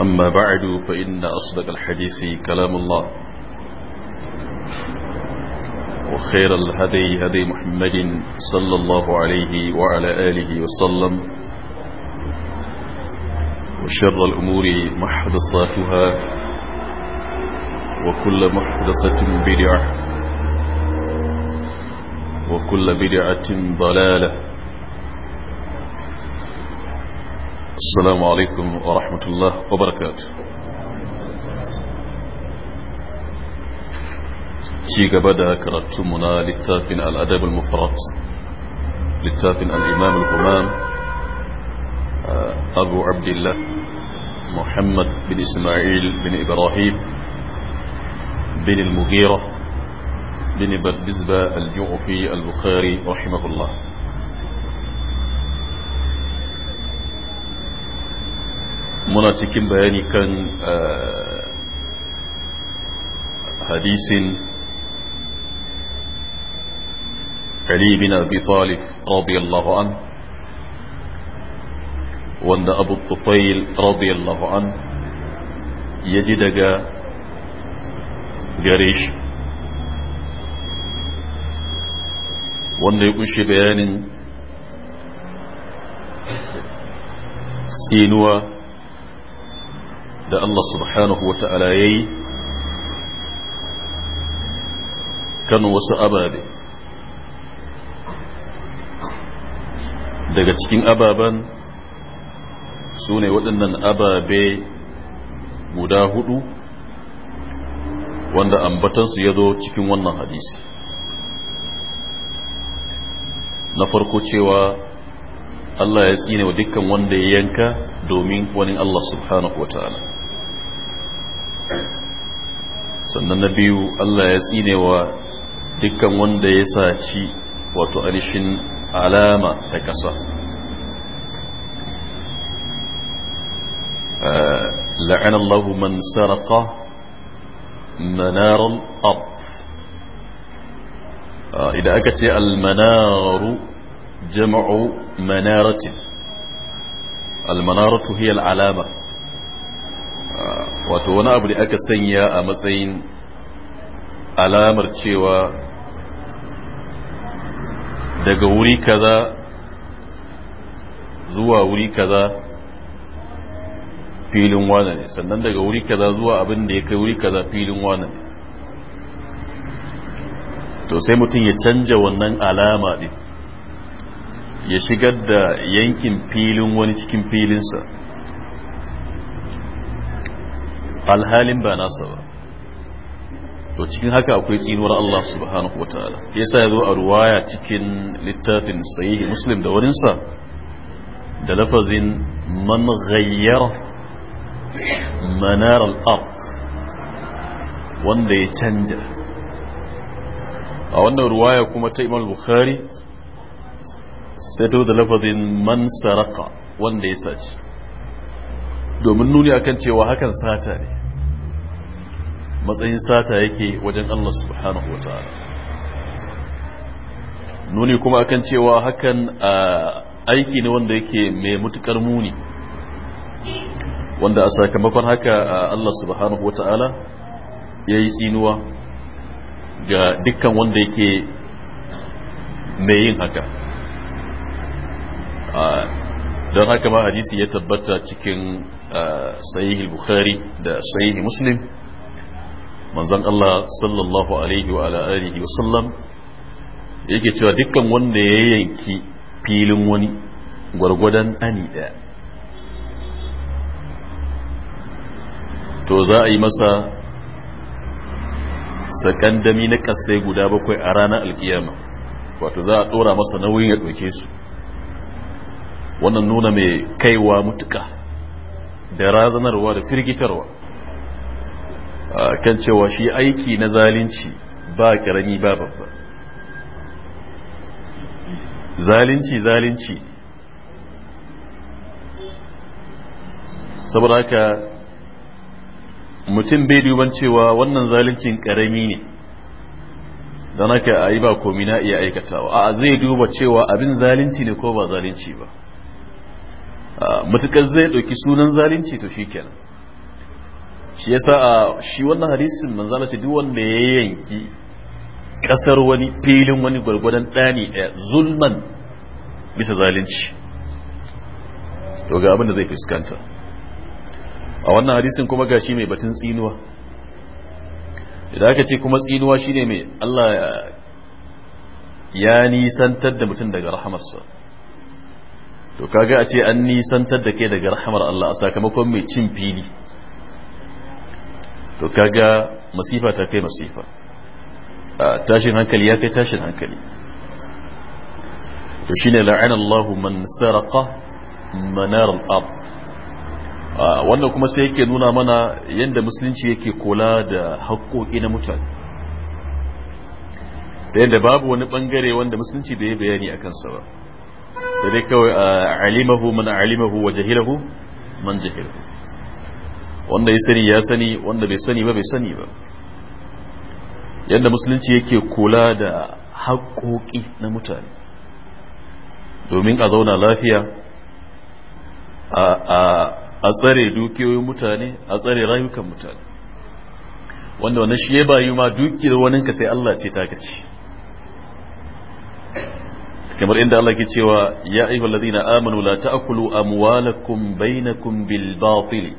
أما بعد فإن أصدق الحديث كلام الله وخير الهدي هدي محمد صلى الله عليه وعلى آله وسلم وشر الأمور محدثاتها وكل محدثة بدعة وكل بدعة ضلالة السلام عليكم ورحمة الله وبركاته شيك بدا كرتمنا للتافن الأدب المفرط للتافن الإمام الغمام آه، أبو عبد الله محمد بن إسماعيل بن إبراهيم بن المغيرة بن بزبة الجعفي البخاري رحمه الله muna cikin bayani kan hadisin Ali bin Abi Talib radiyallahu an wanda Abu Tufail radiyallahu an yaji daga garish wanda ya kunshi bayanin sinuwa da Allah subhanahu wa ta'ala ya yi kan wasu ababe daga cikin ababen su ne waɗannan ababe guda hudu wanda ambatansu ya zo cikin wannan hadisi na farko cewa Allah ya tsine wa dukkan wanda ya yanka domin wani Allah subhanahu wa ta'ala sannan na biyu Allah ya tsine wa dukkan wanda ya saci wato anishin alama ta ƙasa la'an Allah man saraka manaran ab idan aka ce almanaru jama'u manaratin almanaratu manaratu alama wato wani abu da aka sanya a matsayin alamar cewa daga wuri kaza zuwa wuri kaza filin wane ne sannan daga wuri kaza zuwa abin da ya kai wuri kaza filin wane ne to sai mutum ya canja wannan alama ne ya shigar da yankin filin wani cikin filinsa alhalin ba nasa ba to cikin haka akwai tsinuwar Allah subhanahu wa ta'ala yasa ya zo a ruwaya cikin littafin sahihi muslim da wurinsa da lafazin man ghayyara manar al-ard wanda ya canja a wannan ruwaya kuma ta imam bukhari sai da lafazin man saraka wanda ya saci domin nuni akan cewa hakan sata ne matsayin sata yake wajen Allah subhanahu wa ta'ala nuni kuma akan cewa hakan aiki ne wanda yake mai mutukar muni wanda a sakamakon haka Allah subhanahu wa ta'ala ya yi tsinuwa ga dukkan wanda yake mai yin haka don haka ma hadisi ya tabbata cikin sahih bukhari da sahih muslim manzon Allah sallallahu alaihi wa alihi wa sallam yake cewa dukkan wanda ya yanki filin wani gwargwadon ani ɗaya? to za a yi masa sakandami na kasai guda bakwai a ranar alkiyama wato za a dora masa nauyin ya ɗauke su wannan nuna mai kaiwa mutuka da razanarwa da firgitarwa kan cewa shi aiki na zalunci ba karami ba babba zalunci zalunci saboda haka mutum bai duban cewa wannan zaluncin karami ne don haka a yi ba komi na iya aikatawa a zai duba cewa abin zalunci ne ko ba zalunci ba mutukar zai ɗauki sunan zalunci to shi kenan shi yasa a shi wannan hadisin manzala ce duk wanda ya yanki kasar wani filin wani gwargwadon ɗani a zulman bisa zalunci to ga abin da zai fuskanta a wannan hadisin kuma gashi mai batun tsinuwa idan aka ce kuma tsinuwa shine mai Allah ya nisantar da mutum daga rahamarsa to kaga a ce an nisantar da kai daga rahamar Allah a sakamakon mai cin fili to kaga masifa ta kai masifa tashin hankali ya kai tashin hankali to shine la'anallahu Allahu man saraqa manar al-ard wannan kuma sai yake nuna mana yadda musulunci yake kula da haƙƙoƙi na mutane da yadda babu wani ɓangare wanda musulunci bai bayani a kansa ba sai dai kawai alimahu man alimahu wa jahilahu man jahilahu wanda ya sani ya sani wanda bai sani ba bai sani ba yadda musulunci yake kula da haƙoƙi na mutane domin a zauna lafiya a tsare dukiyoyin mutane a tsare rayukan mutane wanda wannan shi ya bayu ma dukiyar ka sai Allah ce ta ce kamar inda Allah ke cewa ya ayyuhallazina amanu la ta'kulu amwalakum bainakum bil batil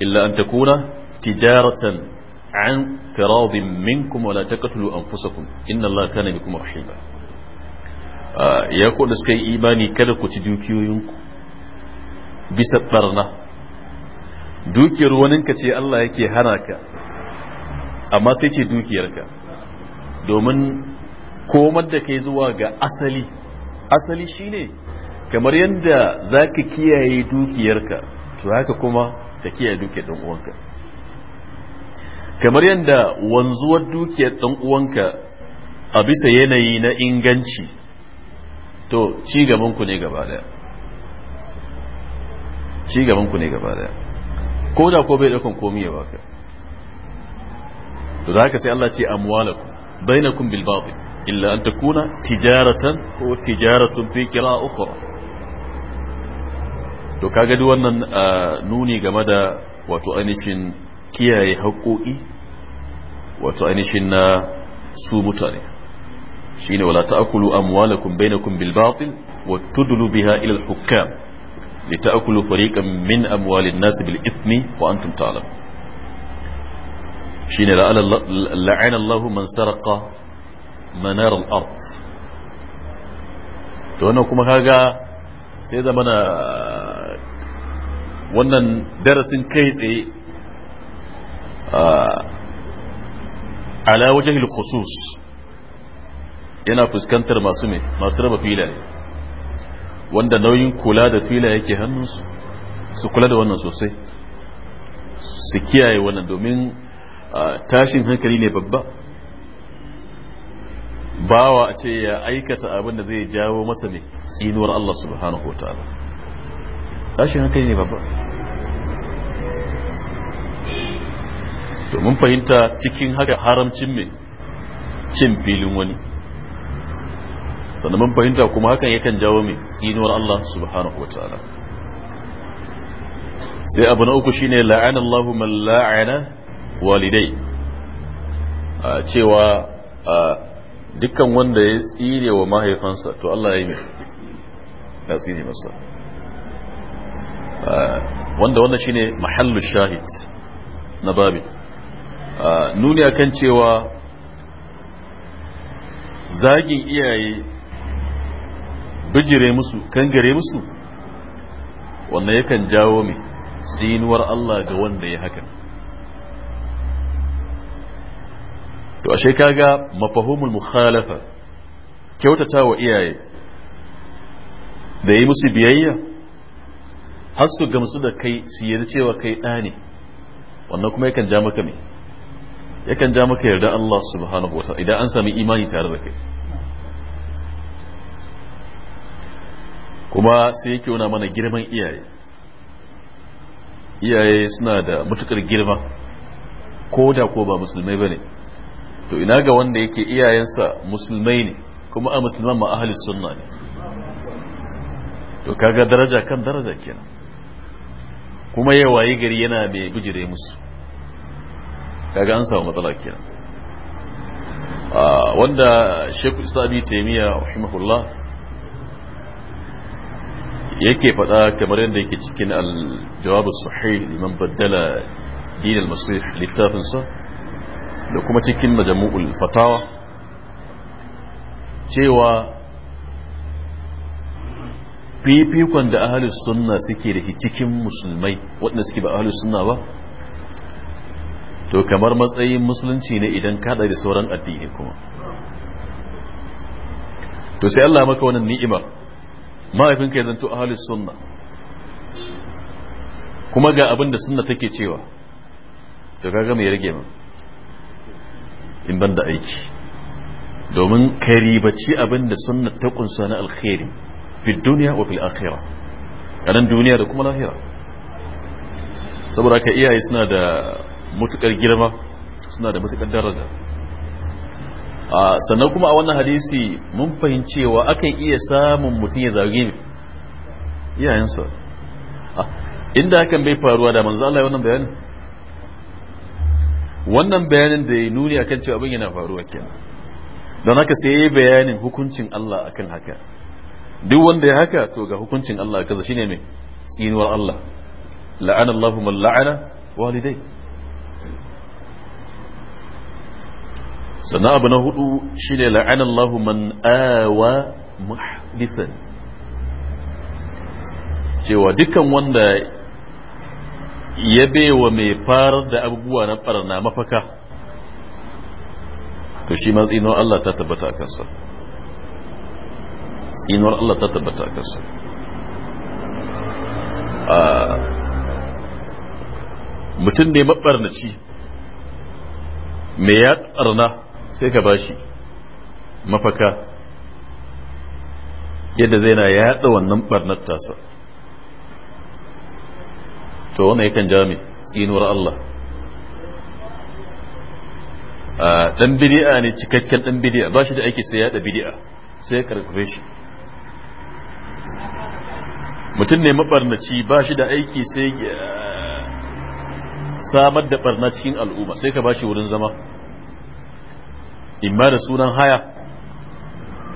illa an takuna tijaratan an firadin minkum wala taqtulu anfusakum inna allaha kana bikum rahima ya ku da suka yi imani kada ku ci dukiyoyinku bisa barna dukiyar waninka ce Allah yake hana ka amma sai ce dukiyarka domin komar da kai zuwa ga asali asali shine kamar yadda za ka kiyaye dukiyarka to haka kuma ka kiyaye dukiyar ɗan uwanka kamar yadda wanzuwar dukiyar ɗan uwanka a bisa yanayi na inganci to ci ku ne gaba ɗaya? ci ne gaba daya ko da ko bai daukan komai ya baka to da haka sai Allah ce amwalakum bainakum bil batil illa an takuna tijaratan ko tijaratun fi kira ukhra to kaga duk wannan nuni game da wato ainihin kiyaye haƙoƙi wato ainihin na su mutane shine wala ta'kulu amwalakum bainakum bil batil wa tudlu biha ila al hukam li ta'kulu fariqan min amwalin nas bil ithmi wa antum ta'lam shine la'ana Allah man saraqa manar al ard to wannan kuma kaga sai zama na ah, wannan darasin kai tsaye ah, ala wajen khusus yana fuskantar masu mai masu raba filaye wanda nauyin kula da filaye ke hannunsu su kula da wannan sosai su kiyaye wannan domin ah, tashin hankali ne babba bawa a ce ya aikata abin da zai jawo masa ne tsinuwar Allah subhanahu wa ta'ala Tashi hankali ne babba to mun fahimta cikin haka haramcin mai cin filin wani sannan mun fahimta kuma hakan yakan jawo mai tsinuwar Allah subhanahu wa ta'ala sai abu na uku shine la'ana Allahu man la'ana walidai cewa dukkan wanda ya tsire wa mahaifansa to Allah ya yi ya tsire masa ah, wanda wannan shine mahallu shahid na babin ah, nuni akan cewa zagin iyaye bijire musu kangare musu wannan yakan jawo mai tsinuwar Allah ga wanda ya hakan to ashe kaga mafahumul mukhalafa kyautata wa iyaye da yi musu biyayya har su gamsu da kai su yarda cewa kai ɗa ne wannan kuma yakan ja maka me yakan ja maka yarda Allah subhanahu wa idan an sami imani tare da kai kuma sai yake wuna mana girman iyaye iyaye suna da matukar girma ko da ko ba musulmai bane. to ina ga wanda yake iyayensa musulmai ne kuma a musulman ma ahli sunna ne to kaga daraja kan daraja kenan kuma ya wayi gari yana mai bijire musu kaga an samu matsala kenan wanda shekul islami taimiyya rahimahullah yake faɗa kamar yadda yake cikin al-jawab sahih liman baddala din al littafinsa da kuma cikin majamu'ul fatawa cewa fifikon da ahalus sunna suke da cikin musulmai waɗanda suke ba ahalus sunna ba to kamar matsayin musulunci ne idan kada da sauran addini kuma to sai Allah maka wannan ni'imar mahaifinka ya zanto ahalus sunna kuma ga abinda da sunna take cewa to kaga me rage mana in ban da aiki domin ka ribaci abin da sunna ta kunsa na alkhairi fi duniya wa fil akhira a duniya da kuma lahira saboda ka iyaye suna da mutukar girma suna da mutukar daraja sannan kuma a wannan hadisi mun fahimcewa akan iya samun mutum ya zage ne iyayensa inda hakan bai faruwa da manzo Allah ya wannan bayani. wannan bayanin da ya nuni akan cewa abin yana faruwa kenan don haka sai ya yi bayanin hukuncin Allah akan haka duk wanda ya haka to ga hukuncin Allah a kaza shine mai tsinuwar Allah la'ana Allahu man la'ana walidai sannan abu na hudu shine la'ana Allahu man awa muhdithan cewa dukkan wanda ya wa mai farar da abubuwa na barna mafaka to shi ma tsinon Allah ta tabbata a kansa tsinon Allah ta tabbata a kansa mutum ne mabarnaci mai ya barna sai ka bashi mafaka yadda zai na yaɗa wannan barnar tasa to wannan yakan mai tsinuwar Allah dan bidi'a ne cikakken dan bidi'a ba shi da aiki sai ya ɗa bidi'a sai ya karkure shi mutum ne mabarnaci ba shi da aiki sai samar da barna cikin al'umma sai ka ba shi wurin zama imma da sunan haya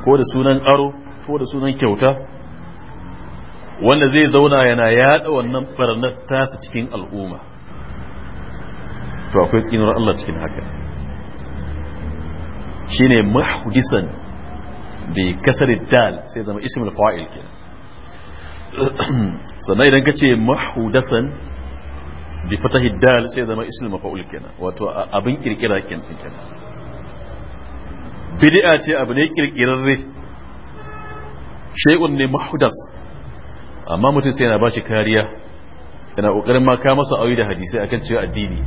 ko da sunan aro ko da sunan kyauta wanda zai zauna yana yada wannan barnar tasa cikin al'umma to akwai tsinuwar Allah cikin haka shine mahdisan bi kasar dal sai zama ismul fa'il kenan sannan idan kace mahdasan bi fatahi dal sai zama ismul mafa'ul kenan wato abin kirkira kenan bid'a ce abu ne kirkirarre shay'un ne mahdas amma mutum sai yana shi kariya yana kokarin ma ka masa auyi da hadisai akan cewa addini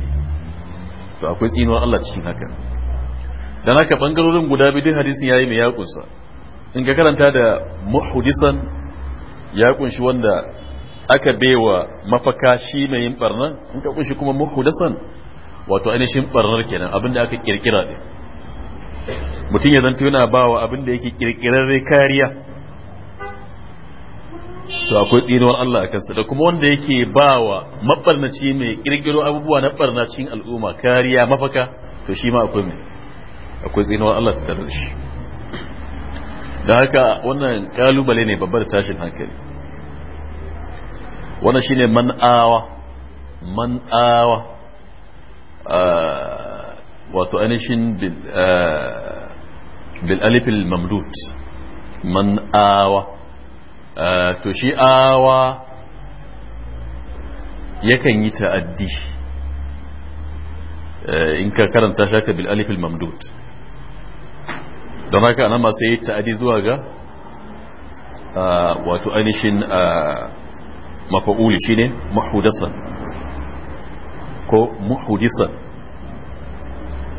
to akwai tsinuwa Allah cikin haka dan haka bangarorin guda biyu duk hadisin yayi mai yakunsa in ka karanta da muhdisan ya kunshi wanda aka baiwa mafaka shi mai yin barna in ka kunshi kuma muhudisan, wato ainihin barnar kenan abinda aka kirkira ne mutum ya zanta yana bawa abinda yake kirkirarre kariya to akwai tsinuwar Allah a kansa da kuma wanda yake bawa mabarnaci mai kirkiro abubuwa na barna al'umma kariya mafaka to shi ma akwai mai akwai tsinuwar Allah ta tare da shi da haka wannan kalubale ne babbar tashin hankali wannan shine man awa wato ainihin bil alifil mamdud man'awa Eh, to shi awa yakan yi ta'addi eh, in ka karanta shaka bil alifil mamdud don haka ana masu yi ta'addi zuwa ga eh, wato ainihin mafa'uli shine muhudasan ko muhudisan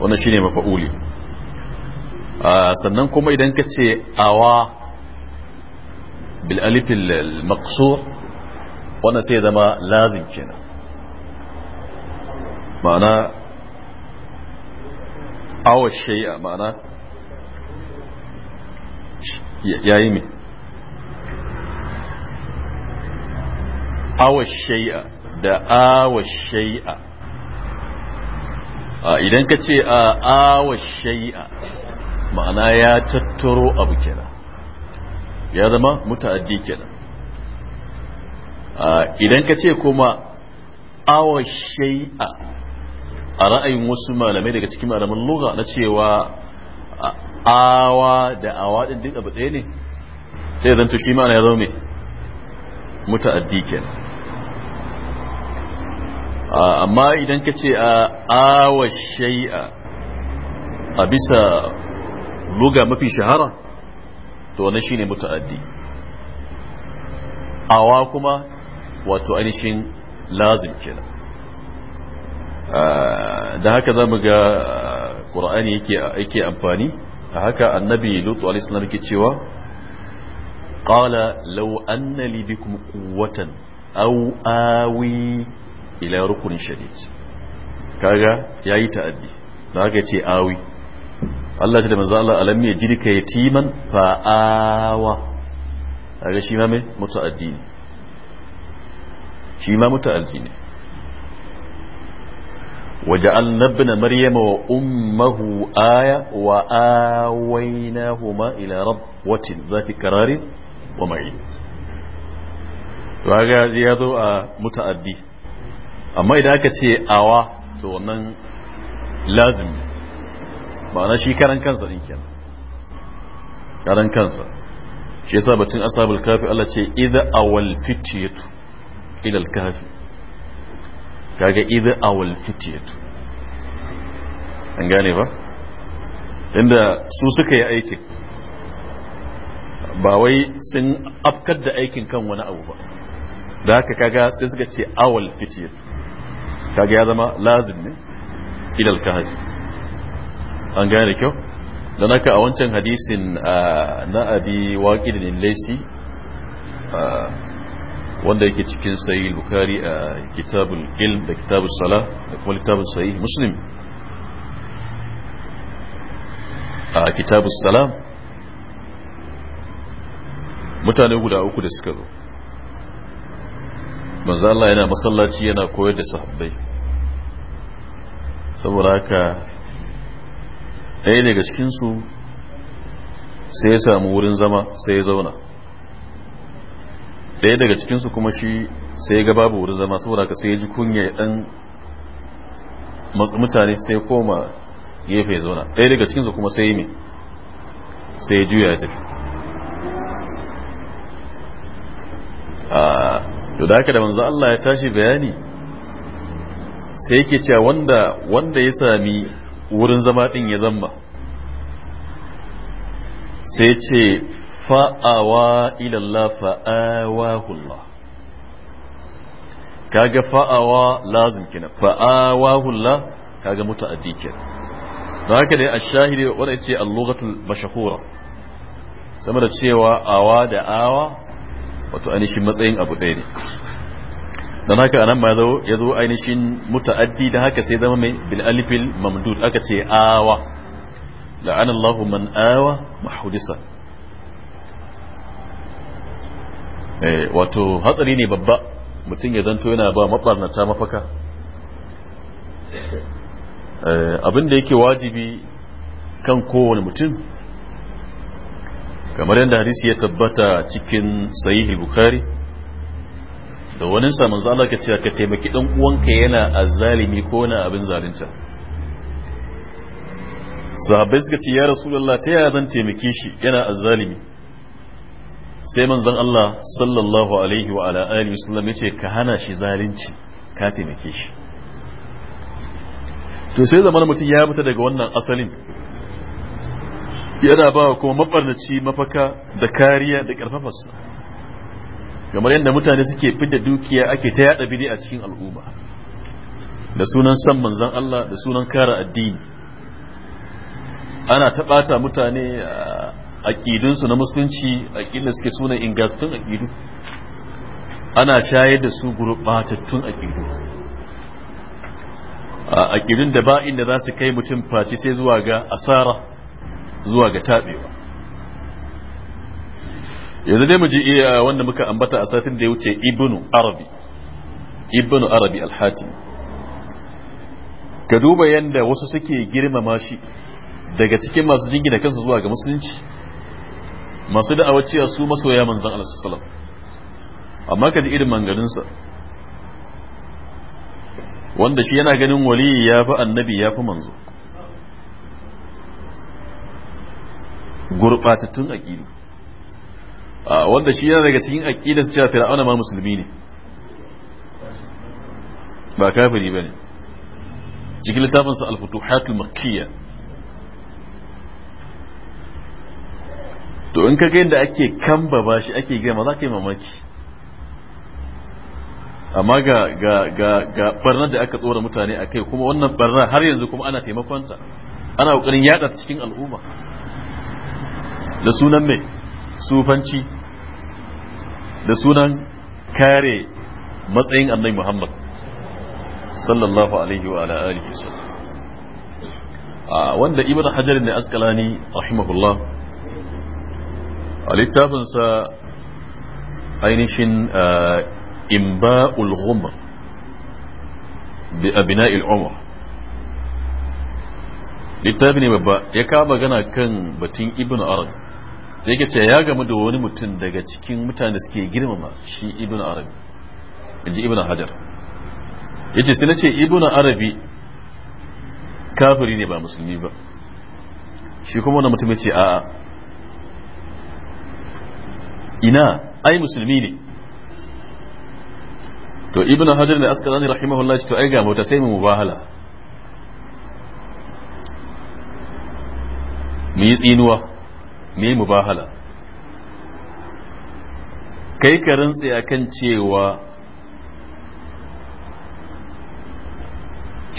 wannan shine mafa'uli sannan kuma idan ka ce awa بالالف المقصور وانا سيدا ما لازم كنا معنى او الشيء معنى يا ايمي او الشيء دا او الشيء اذا ka ce a awa shai'a ma'ana ya tattaro ya zama muta'addi kenan ah, idan ka ce kuma awa shay'a a ra'ayin wasu malamai daga cikin malaman lugha na cewa awa da awa din duk abu ɗaya ne sai to shi ma ya zama mai muta'addi kenan ah, amma idan ka ce a awa shay'a a bisa luga mafi shahara to wannan shine muta'addi awa kuma wato ainihin lazim kenan ah, da haka zamu ga ah, qur'ani yake yake amfani a haka annabi lutu alayhi salam yake cewa qala law anna li bikum quwwatan aw awi ila rukunin shadid kaga yayi ta'addi da haka ce awi Allah ce da manzo Allah alam ya jirka yatiman fa awa kaga shi ma me muta'addi ne shi ma muta'addi ne وجعلنا ابن مريم وأمه آية وآويناهما إلى ربوة ذات قرار ومعين وهذا يدو متأدي أما إذا كنت أوا تو لازم ma'ana shi karan kansa din kenan karan kansa shi yasa batun asabul kafi Allah ce idza awal fityatu ila al kafi kaga idza awal fityatu an gane ba inda su suka yi aikin ba wai sun afkar da aikin kan wani abu ba da haka kaga sai suka ce awal fityatu kaga ya zama lazim ne al kafi an gane da kyau don haka a wancan hadisin na abi waƙidin laisi wanda yake cikin sayi bukari a kitabul ilm da kitabul sala da kuma kitabul sayi muslim a kitabul sala mutane guda uku da suka zo manzo Allah yana masallaci yana koyar da sahabbai saboda haka ɗaya daga cikinsu sai ya samu wurin zama sai ya zauna ɗaya daga cikinsu kuma shi sai ya ga babu wurin zama saboda ka sai ya ji kunya ya ɗan mutane sai koma gefe ya zauna ɗaya daga cikinsu kuma sai ne sai ya juya ya tafi to da haka da manzo Allah ya tashi bayani sai yake cewa wanda wanda ya sami wurin zama ɗin ya zamba sai ce fa'awa ilallah Ka kaga fa'awa lazim kina fa'awahullah kaga muta'addi kenan don haka dai ashahiri wanda ce al-lughatul mashhura sama da cewa awa da awa wato ainihin matsayin abu ɗaya ne dan haka anan ma zo ya zo ainihin muta'addi da haka sai zama mai bil mamdud aka ce awa La'anallahu man awa mahdisa eh, wato hatsari ne babba mutum ya zanto yana ba mabarnata mafaka eh, abin da yake wajibi kan kowane mutum kamar yadda hadisi ya tabbata cikin sahihul bukhari da wani samun zala Allah ka ce ka taimaki ɗan uwanka yana zalimi, ko na abin zalunta sahabbai suka ce ya rasu Allah ta yaya zan taimaki shi yana a zalimi. sai manzon Allah sallallahu alaihi wa ala alihi ya ce ka hana shi zalunci ka taimake shi to sai zamanin mutum ya fita daga wannan asalin yana ba kuma mabarnaci mafaka da kariya da ƙarfafa su kamar yadda mutane suke fidda dukiya ake ta yada bidi a cikin al'umma da sunan san manzan Allah da sunan kara addini ana taɓata mutane a su na musulunci a aƙidun suke sunan ingantattun aƙidu ana shayar da su gurɓatattun a aƙidun da ba inda za su kai mutum face sai zuwa ga asara zuwa ga taɓewa yanzu dai mu ji iya eh, wanda muka ambata a satin da ya wuce ibnu arabi ibnu arabi alhati ka duba yanda wasu suke girmama shi daga cikin masu jingina kansu zuwa ga musulunci masu da'awar cewa su masoya manzon Allah sallallahu amma ka ji irin manganinsa wanda shi yana ganin waliyi ya fi annabi ya fi manzo a aƙidu Ah, wanda shi yana daga cikin aqidar cewa fir'auna ma musulmi ne ba kafiri bane cikin littafin sa al-futuhat to in ka ga yadda ake kamba ba shi ake girma za ka yi mamaki amma ga ga ga ga barnar da aka tsora mutane a kai kuma wannan barnar har yanzu kuma ana ta ana kokarin yada cikin al'umma da sunan mai sufanci da sunan kare matsayin annai muhammad sallallahu alaihi wa alihi wasallam wanda ibn hajar ne askalani rahimahullah a littafinsa ainihin imba'ul ghumr bi abina'il umar littafi ne babba ya kama gana kan batun ibn arad da yake ce ya gamu da wani mutum daga cikin mutane suke girmama shi ibn arabi inji ibn hajar yace sai nace ibn arabi kafiri ne ba musulmi ba shi kuma wannan mutum yace a'a ina ai musulmi ne to ibn hajar ne askalani rahimahullah to ai ga mota sai mu mubahala mu yi tsinuwa me mubahala kai ka rantse kan cewa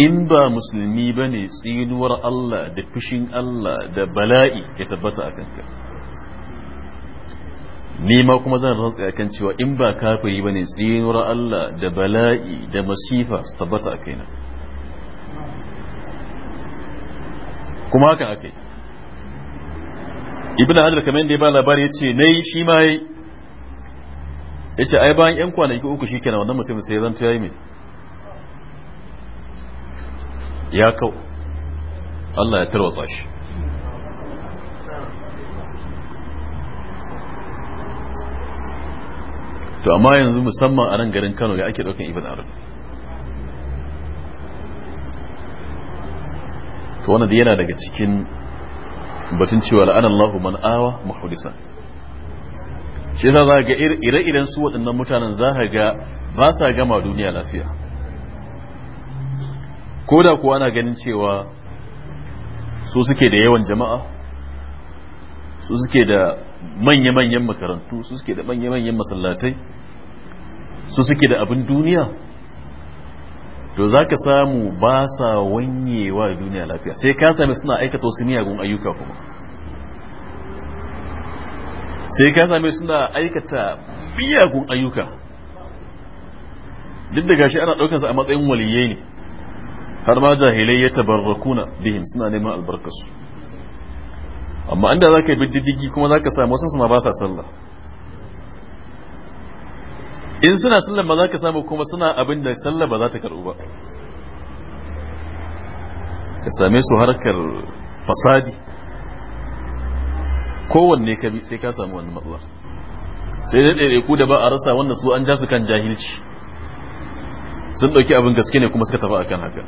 in ba musulmi ba ne tsinuwar Allah da fushin Allah da bala'i ya tabbata a kanka ni ma kuma zan rantsa kan cewa in ba kafiri ba ne tsinuwar Allah da bala'i da masifa su tabbata a kaina kuma haka aka yi ibn hajar kamar yadda ya ba labari yace nayi shi ma yayi yace ai bayan yan kwanaki uku shikenan wannan mutum sai zan ta yi mai ya kau Allah ya tarwatsa shi to amma yanzu musamman a nan garin Kano ya ake daukan ibn Arab to wannan yana daga cikin batun cewa la'ana Allahu man awa muhdisa shi za za ga ire-iren su waɗannan mutanen za ka ga ba sa gama duniya lafiya ko da kuwa ana ganin cewa su suke da yawan jama'a su suke da manya-manyan makarantu su suke da manya-manyan masallatai su suke da abin duniya to za ka samu ba sa wanyewa duniya lafiya sai ka sami suna aikata wasu miyagun ayyuka kuma sai ka sami suna aikata miyagun ayyuka duk da gashi ana ɗaukansa a matsayin waliyai ne har ma jahilai ya tabarrakuna bihim suna neman albarkasu. amma inda za ka yi biddigi kuma za ka samu wasu suna ba sa sallah in suna sallar ba za ka samu kuma suna abin da sallah ba za ta karɓu ba ka same su harkar fasadi kowanne ka bi sai ka samu wani matsala sai da ɗaiɗai da ba a rasa wannan su an ja su kan jahilci sun ɗauki abin gaske ne kuma suka tafi kan haka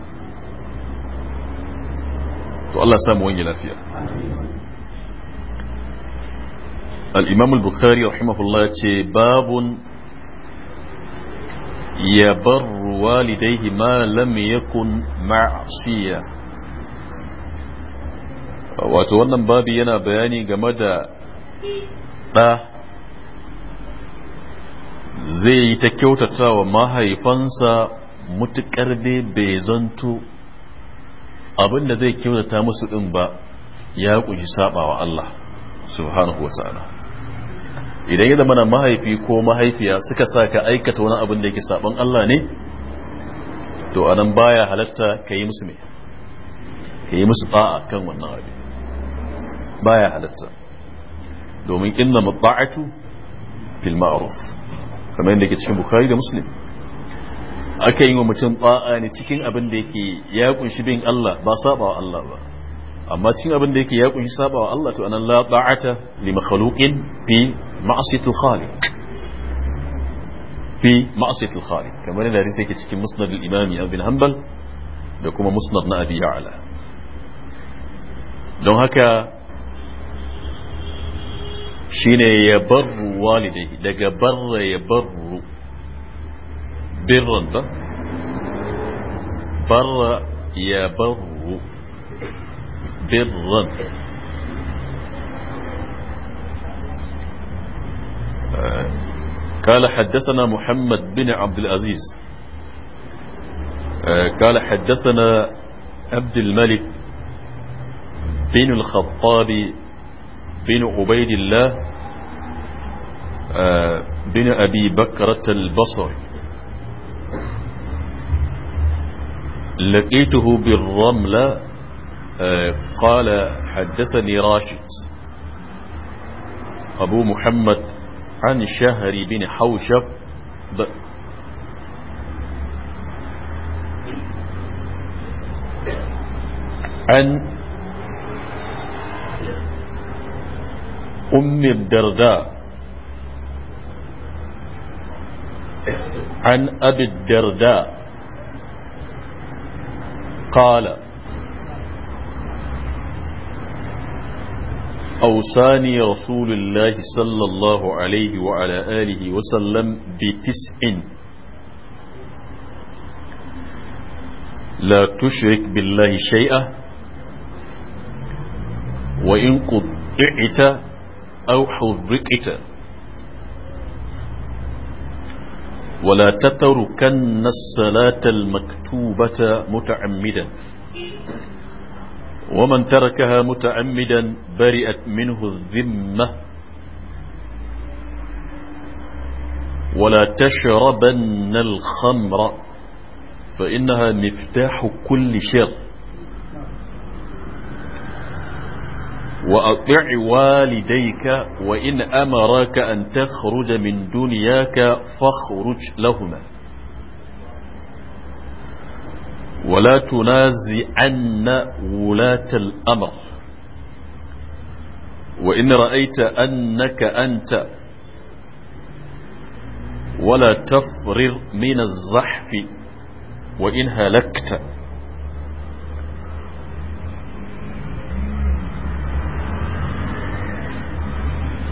to Allah samu wani lafiya al-imam al-bukhari rahimahullah ce babun ya bar walidaihi ma lam yakun ma'siya wato wannan babi yana bayani game da ɗa zai yi ta kyautata wa mahaifansa mutuƙar dai bai zanto abin da zai kyautata musu ɗin ba ya ƙunshi saɓawa Allah subhanahu wa ta'ala idan ya zama mahaifi ko mahaifiya suka sa ka aikata wani abin da yake saban Allah ne to anan baya halatta ka yi musu me ka yi musu ta'a kan wannan abu baya halatta domin inna mata'atu fil ma'ruf kamar yadda yake cikin bukhari da muslim aka yi wa mutum ta'a ne cikin abin da yake ya kunshi bin Allah ba saba wa Allah ba amma cikin abin da yake ya kunshi saba wa Allah to anan la ta'ata li makhluqin fi ma'siyati al-khaliq fi ma'siyati al-khaliq kamar da hadisi yake cikin musnad al-imam Ibn Hanbal da kuma musnad na Abi Ya'la don haka shine ya barru walidai daga barra ya bar birran ba barra ya bar. بالرب قال حدثنا محمد بن عبد العزيز قال حدثنا عبد الملك بن الخطاب بن عبيد الله بن أبي بكرة البصر لقيته بالرملة آه، قال حدثني راشد أبو محمد عن شهر بن حوشب عن أم الدرداء عن أبي الدرداء قال أوصاني رسول الله صلى الله عليه وعلى آله وسلم بتسع لا تشرك بالله شيئا وإن قطعت أو حرقت ولا تتركن الصلاة المكتوبة متعمدا ومن تركها متعمدا برئت منه الذمة ولا تشربن الخمر فإنها مفتاح كل شر وأطع والديك وإن أمرك أن تخرج من دنياك فاخرج لهما ولا تنازعن ولاة الأمر وإن رأيت أنك أنت ولا تفرر من الزحف وإن هلكت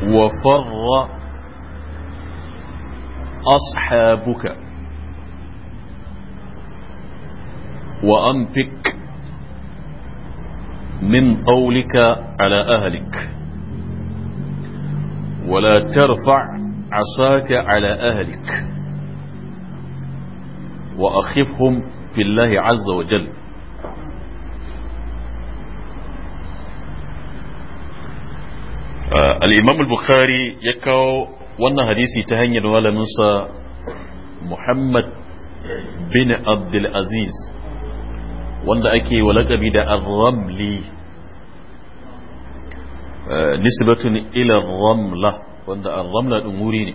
وفر أصحابك وأنفق من قولك على أهلك ولا ترفع عصاك على أهلك وأخفهم في الله عز وجل آه، الإمام البخاري يكاو وانا حديثي ولا الوالنسى محمد بن عبد العزيز wanda ake wa laqabi da ar-ramli eh, nisbatun ila ramla wanda ar-ramla din wuri ne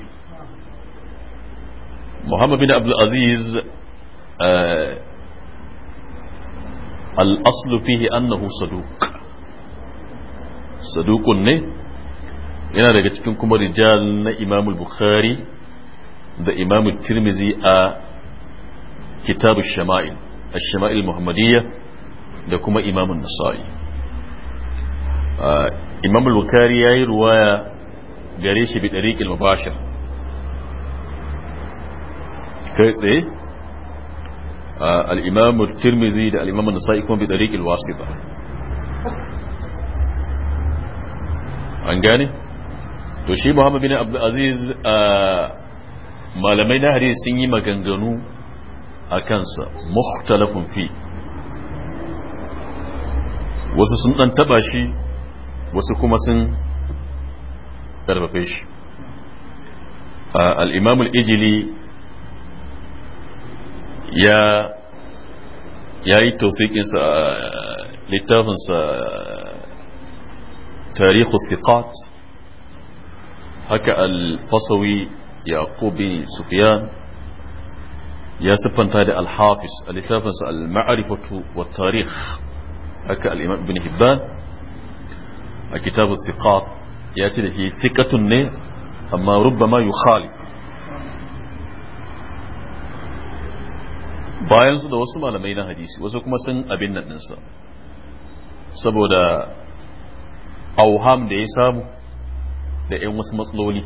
Muhammad bin Abdul Aziz eh, al-aslu fihi annahu saduq saduqun ne yana daga cikin kuma rijal na Imam Bukhari da Imam Tirmizi a kitabu Shama'il الشمائل المحمدية دكما إمام النصائي آه، إمام الوكاري يروى جريش بطريق المباشر كيف إيه؟ آه، الإمام الترمذي الإمام النصائي يكون بطريق الواسطة أنجاني تشي محمد بن عبد العزيز آه، ما لمينا هريسيني ما كان جنوب akansa mukhtalafun fi wasu sun dan taba shi wasu kuma sun karfafe shi al-imam al-ijli ya yayi sa tawsiqinsa littafinsa تاريخ الثقات هكا القصوي يعقوب بن سفيان ya siffanta da al-hafiz a littafinsa al-ma'arifatu wa tarikh haka al-imam ibn hibban a kitabu thiqat ya ce da shi thiqatun ne amma rubbama yukhali bayan su da wasu malamai na hadisi wasu kuma sun abin nan ɗinsa saboda auham da ya samu da 'yan wasu matsaloli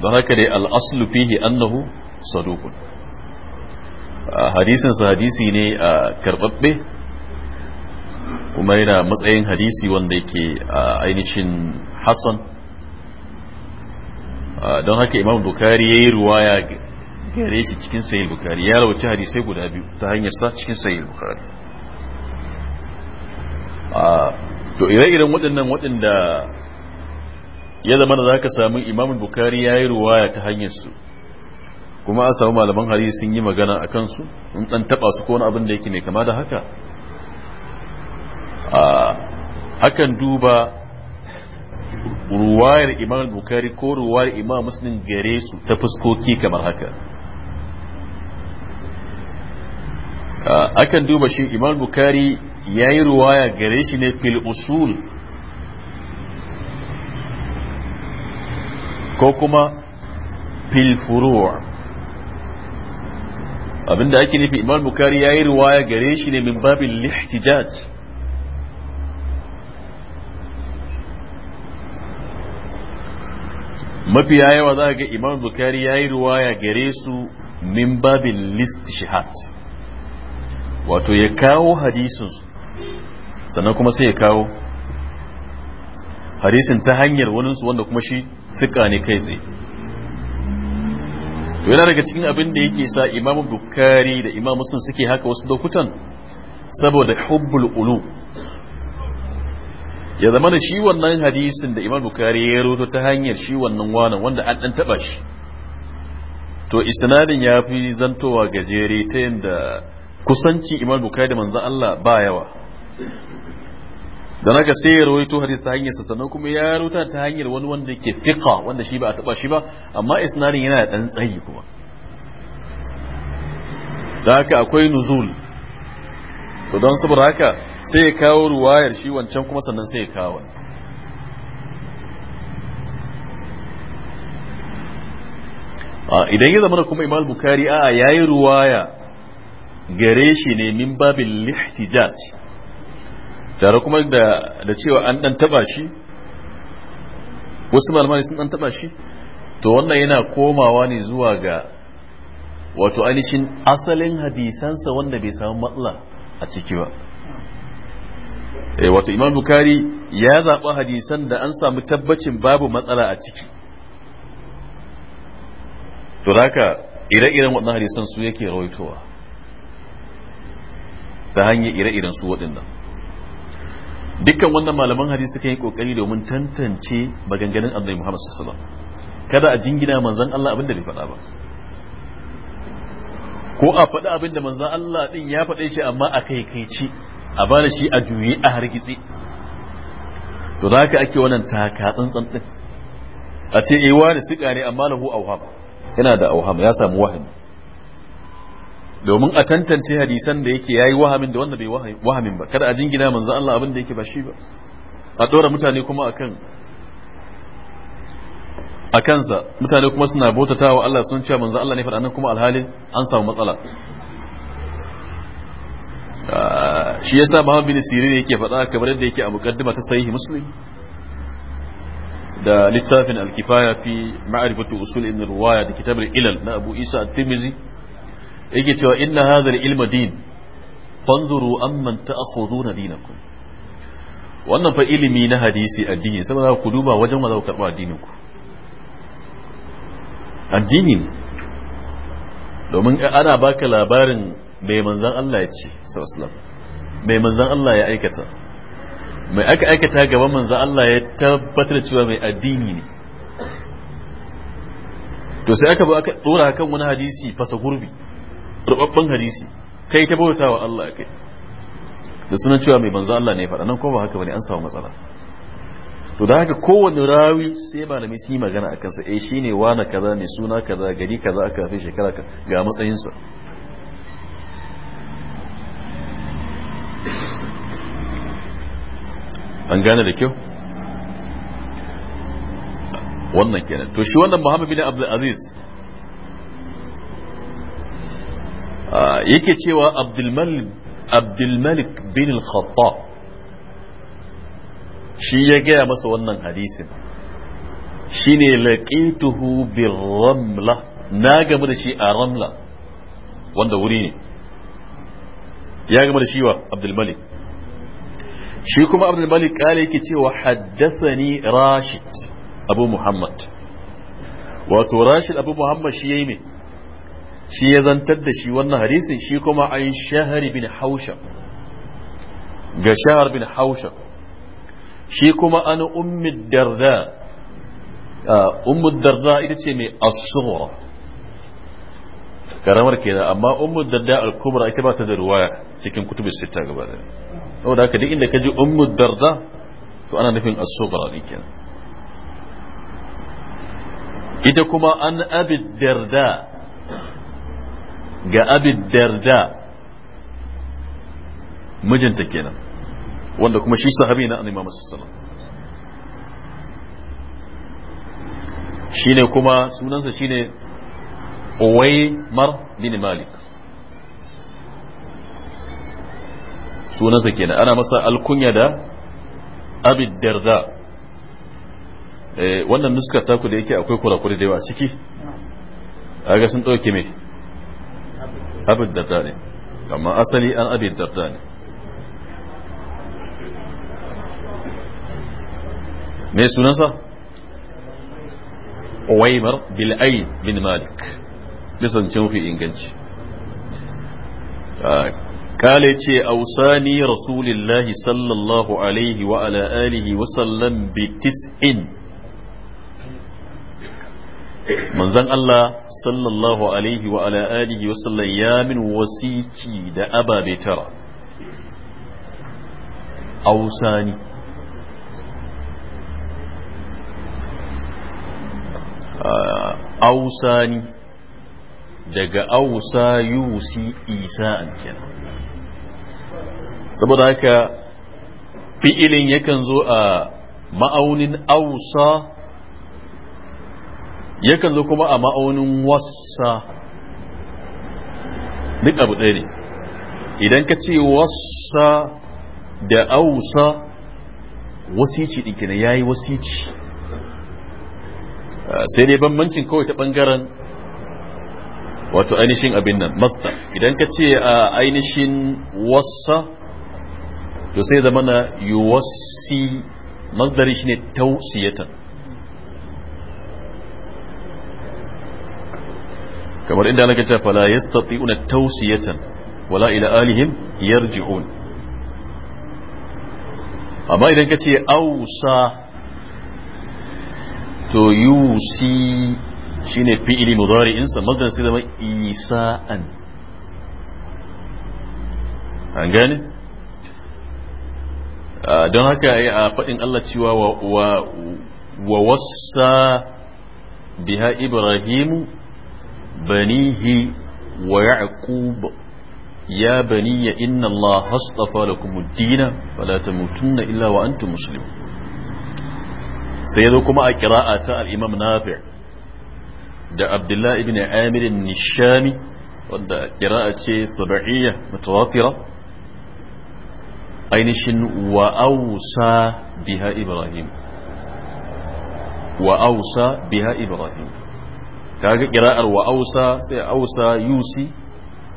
don haka dai al'aslu fihi annahu sadukun sa hadisi ne a karbabbe kuma yana matsayin hadisi wanda yake ainihin hassan don haka imam bukari ya yi ruwaya gare shi cikin sayi bukari ya rawaci hadisai guda biyu ta hanyar sa cikin sayi bukari to ire-iren waɗannan waɗanda ya zama da za ka samu imam bukari ya yi ruwaya ta hanyar su kuma a samu malaman hari sun yi magana a kansu in ɗan taɓa su ko wani abin da yake mai kama da haka Hakan duba ruwayar imam bukari ko ruwayar imam muslim gare su ta fuskoki kamar haka akan duba shi imam bukari ya yi ruwaya gare shi ne fil usul ko kuma fil abinda ake nufi imam bukari ya yi riwaya gare shi ne min babin lihtijaj mafi yawa za ga imam bukari ya yi riwaya gare su min babin lihtijaj wato ya kawo hadisinsu sannan kuma sai ya kawo hadisin ta hanyar waninsu wanda kuma shi fika ne kai tsaye to yana daga cikin abin da yake sa imamu bukari da imam muslim suke haka wasu lokutan saboda hubbul ulu ya zama da shi wannan hadisin da imam bukari ya roto ta hanyar shi wannan wani wanda an dan taba shi to isnadin ya fi zantowa gajere ta yadda kusanci imam bukari da manzan Allah ba yawa dan haka sai ya rawaito hadisi ta hanyar sannan kuma ya rawaita ta hanyar wani wanda yake fiqa wanda shi ba a taba shi ba amma isnadin yana da dan tsayi kuma da haka akwai nuzul to don saboda haka sai ya kawo ruwayar shi wancan kuma sannan sai ya kawo idan ya zama kuma imam bukari a yayi ruwaya gare shi ne min babin lihtijaj tare kuma da cewa an dan taba shi wasu malamai sun dan taba shi to wannan yana komawa ne zuwa ga wato ainihin asalin hadisansa wanda bai samu matsala a ciki ba eh, wato imam bukari ya zaba hadisan da an samu tabbacin babu matsala a ciki to haka ire-iren waɗannan hadisan su yake rawaitowa ta hanyar ire-iren su waɗannan dukkan wannan malaman hadisi suka yi kokari domin tantance maganganun annabi Muhammad sallallahu alaihi wasallam kada a jingina manzon Allah abinda bai faɗa ba ko a faɗa abinda da manzon Allah din ya faɗe shi amma a kai kai ci a bada shi a juye a hargitsi to zaka ake wannan taka tsantsan din a ce eh wani suka ne amma lahu auham yana da auham ya samu wahani domin a tantance hadisan da yake yayi wahamin da wanda bai wahamin ba kada a jingina manzo Allah abin da yake ba shi ba a dora mutane kuma akan a kansa mutane kuma suna bautatawa Allah sun ce manzo Allah ne faɗa nan kuma alhalin an samu matsala ah, shi yasa Muhammad bin Sirin yake faɗa kamar yadda yake a muqaddima ta sahihi Muslim da littafin al-kifaya fi ma'rifatu usul ibn ruwaya da kitabul ilal na Abu Isa at-Tirmidhi yake cewa inna hadha ilma din fanzuru amman ta'khuduna dinakum wannan fa ilimi na hadisi addini za ku duba wajen wa za ku karɓa addinin ku addini domin ana baka labarin mai manzan Allah ya ce sallallahu mai manzan Allah ya aikata mai aka aikata gaban manzan Allah ya tabbatar cewa mai addini ne to sai aka ba aka dora kan wani hadisi fasa gurbi rubabban hadisi kai ta bauta wa Allah kai da sunan cewa mai banza Allah ne faɗa nan ko ba haka bane an samu matsala to da haka kowane rawi sai malami sun yi magana a kansa eh shine wana kaza ne suna kaza gari kaza aka fi shekara ga matsayinsa an gane da kyau wannan kenan to shi wannan Muhammad bin Abdul Aziz yake cewa abdulmalik bin al-khatta shi ya gaya masa wannan hadisin shi ne laƙituhu bin ramla na gamu da shi a ramla wanda wuri ne ya gamu da shi wa abdulmalik shi kuma abdulmalik kala yake cewa haddasani rashid abu muhammad wato rashid abu muhammad shi ya yi mai shi ya zantar da shi wannan hadisin shi kuma an shahari bin hausha ga shahar bin hausha shi kuma an ummi darda ummu darda ita ce mai asura karamar da amma ummu darda al-kubra ita ba ta da ruwaya cikin kutubus sita gaba da da haka duk inda ka ji ummu darda to ana nufin asura ne kenan ita kuma an abi darda ga abid darda mijinta kenan wanda kuma shi sahabi na annabi masu sallam shine kuma sunansa shine mar bin Malik sunansa kenan ana masa alkunya da abid darda eh, wannan nuska taku da yake akwai kurakuri da yawa ciki ga sun ɗauke mai abin darda ne amma asali an abin darda ne me sunansa waimar bil'ai bin malik bisan fi inganci ah, kale ce ausani rasulillahi sallallahu alaihi wa ala alihi wa sallam bi tis'in manzon Allah sallallahu alaihi wa ala alihi wa sallam ya min wasiki da ababe tara ausani ah, ausani daga ausa yusi Isa kenan saboda haka fi'ilin yakan zo a ma'aunin ausa yakan zo kuma a ma'aunin wasa duk abu ɗaya ne idan ka ce wasa da ausa wasici ɗinki na ya yi wasici ah, sai dai banbancin kawai ta ɓangaren wato ainihin abin nan masta idan ka ce a ah, ainihin wasa to sai zama na yi wasi mazdari shi ne tausiyatan kamar inda Allah ke cewa fala yastati'una tawsiyatan wala ila alihim yarji'un amma idan ka ce ausa to yusi shine fi'ili mudari'insa mazdan sai zama isa'an an gane don haka a faɗin Allah cewa wa wasa biha ibrahimu بنيه ويعقوب يا بني إن الله اصطفى لكم الدين فلا تموتن إلا وأنتم مسلمون سيدكم قراءة الإمام نافع دا عبد الله بن عامر النشامي ودا قراءة طبيعية متواترة أينش وأوصى بها إبراهيم وأوصى بها إبراهيم Ka ga kira'ar wa ausa sai ausa yusi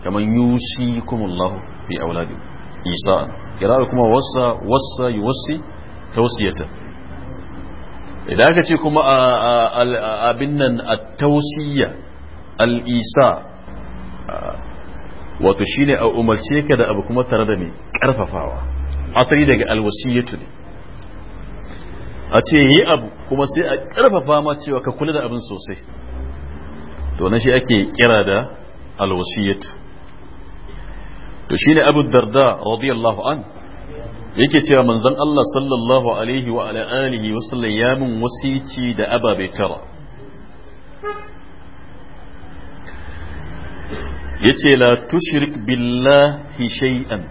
kaman yusi kuma Allah fi auladi isa kira'ar kuma wasa wasa yuwasi tausiyata idan aka ce kuma abin nan a tausiya al'isa, isa wato shine a umarce ka da abu kuma tare da mai karfafawa asali daga alwasiyatu ne a ce yi abu kuma sai a karfafa ma cewa ka kula da abin sosai to na shi ake kira da alwasiyat to shine abu darda radiyallahu an yake cewa manzon Allah sallallahu alaihi wa alihi wa sallam ya min wasici da ababe tara yace la tushrik billahi shay'an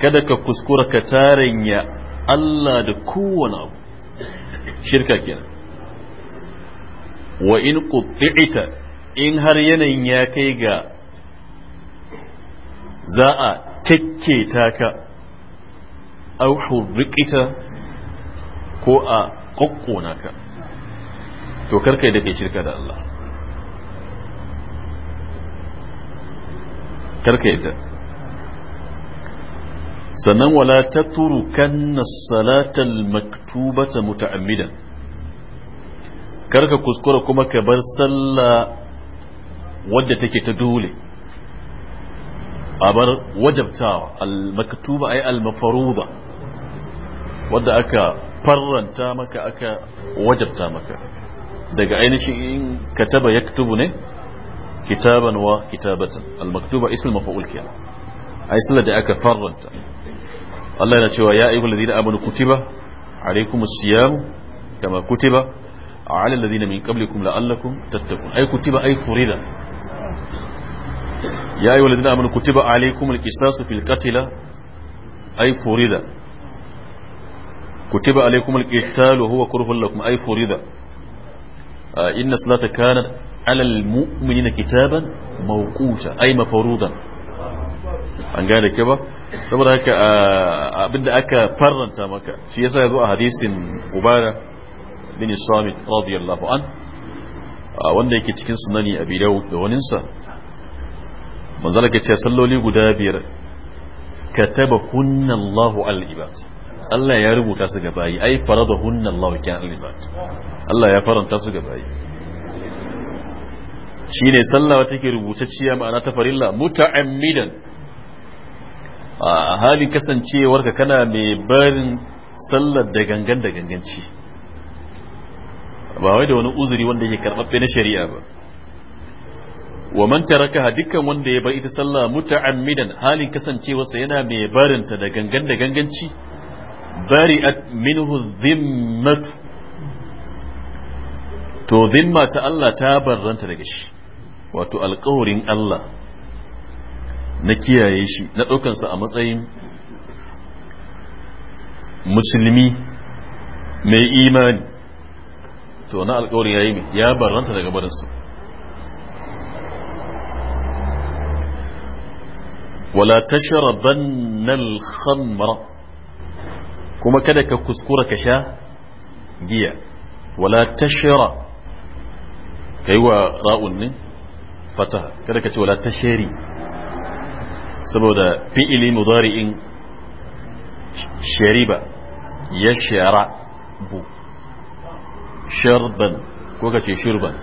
kada ka kuskura ka taranya Allah da kowane abu shirka kenan wa in qutti'ita in har yanayin ya kai ga za a takketa ka au hurriqita ko a kokkona ka to karkai da kai shirka da Allah karka da. sannan wala ta turu turukan salatal maktubata muta'ammidan karka kuskura kuma ka bar sallah wadda take ta dole a bar wajabtawa al-maktuba ay al wadda aka farranta maka aka wajabta maka daga ainihin kataba yaktubu ne kitaban wa kitabatan al-maktuba ismul maf'ul kenan ay sallah da aka farranta Allah yana cewa ya ayyuhal ladina amanu kutiba alaykumus siyam kama kutiba a alal da min kabli kum la allakum tattakun ai kutiba furida ya yi walidina amin kutiba alaikum alkisasu fil katila ai furida kutiba alaikum alkitalu huwa kurhun lakum ai furida inna salata kanat alal mu'minina kitaban mawquta ai mafarudan an gane ke ba saboda haka abinda aka faranta maka shi yasa yazo a hadisin ubara bin Samit radiyallahu an wanda yake cikin sunani a Dawud da waninsa manzala ke ce salloli guda biyar kataba hunna Allahu al-ibad Allah ya rubuta su ga bayi ai farada hunna Allahu kan al-ibad Allah ya faranta su ga bayi shine sallah take rubutacciya ma'ana ta farilla muta'ammidan a halin kasancewarka kana mai barin sallar da gangan da ganganci ba wai da wani uzuri wanda yake karɓaɓɓe na shari'a ba wa man tarakaha dukkan wanda ya bar ita sallah muta'ammidan halin kasancewarsa yana mai barinta da gangan da ganganci bari'at minhu dhimmat to dhimma ta Allah ta barranta daga shi wato alƙawarin Allah na kiyaye shi na ɗaukansa a matsayin musulmi mai imani to wannan alƙawarin yayi ne ya barranta daga barin su wala tashrabanna al-khamra kuma kada ka kuskura ka sha giya wala tashra kaiwa ra'un ne fataha kada ka ce wala tashari saboda fi'ili mudari'in shariba yashara bu sharban ko ka ce shirban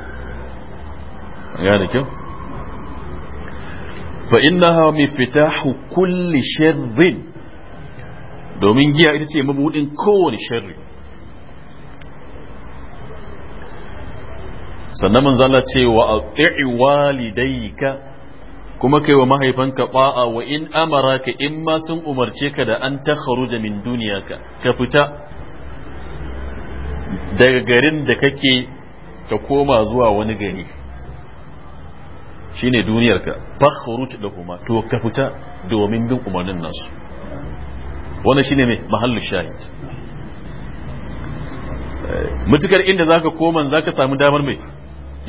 ya kyau fa innaha miftahu kulli sharrin domin giya ita ce mabudin kowane sharri sannan manzo Allah ce wa ati'i walidayka kuma kai wa mahaifanka ba'a wa in amaraka in ma sun umarce ka da an takharuja min duniyaka ka fita daga garin da kake ka koma zuwa wani gari shine duniyarka fakhruj da kuma to ka fita domin bin umarnin nasu wannan shine mai mahallu shahid mutukar inda zaka koma zaka samu damar mai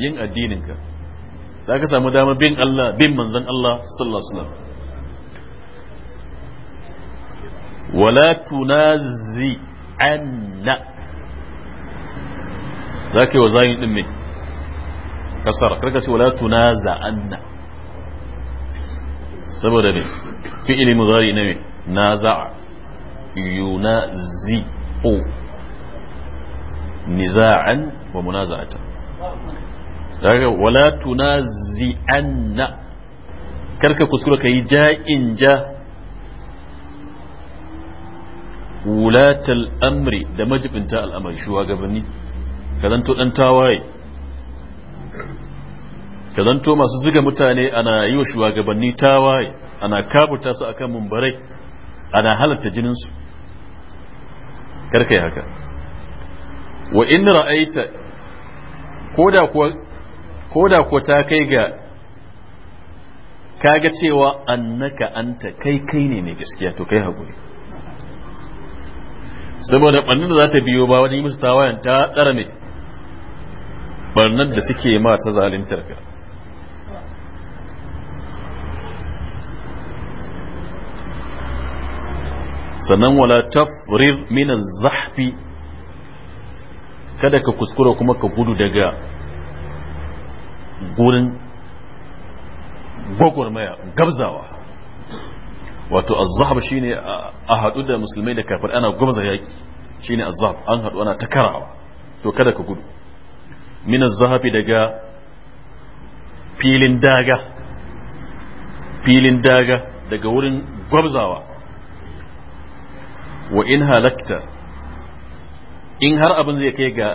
yin addinin ka zaka samu damar bin Allah bin manzon Allah sallallahu alaihi wasallam wala tunazi anna za ka yi wa zayin ɗin mai kasar karka ce wala tuna za'anna saboda ne fi'ili muzari na mai na za'a yuna zi o niza'an wa munaza'ata daga wala tuna zi'anna karka kuskura ka yi ja'in ja wulatal amri da majibinta al'amari shugabanni ka zanto dan tawaye ka zanto masu zuga mutane ana yi wa shugabanni tawaye ana kabuta su akan mumbarai ana halatta jininsu karka yi haka wa in ra'aita koda kuwa kuwa ta kai ga kaga cewa annaka anta kai kai ne mai gaskiya to kai hakuri saboda ɓannin da za ta biyo ba wani musu tawayan ta tsara ne barnar da suke ma ta zalintar ka sannan wala tafrir minan zahfi kada ka kuskura kuma ka gudu daga gurin gwagwarmaya gabzawa wato azhab shine a hadu da musulmai da kafir ana gwamza yaki shine azhab an hadu ana ta karawa to kada ka gudu min zahabi daga filin daga filin daga daga wurin gwabzawa wa in halakta in har abin zai kai ga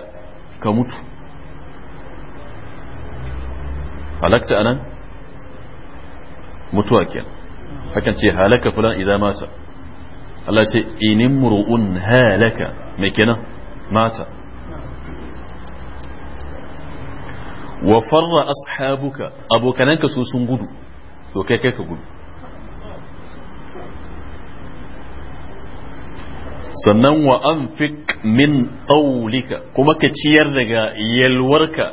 ka mutu halakta anan mutuwa kenan hakan ce halaka fulan idan mata Allah ce inin muru'un halaka mai kenan mata wa farra ashabuka abokananka su sun gudu to kai kai ka gudu sannan wa anfiq min qawlika kuma ka ciyar daga yalwarka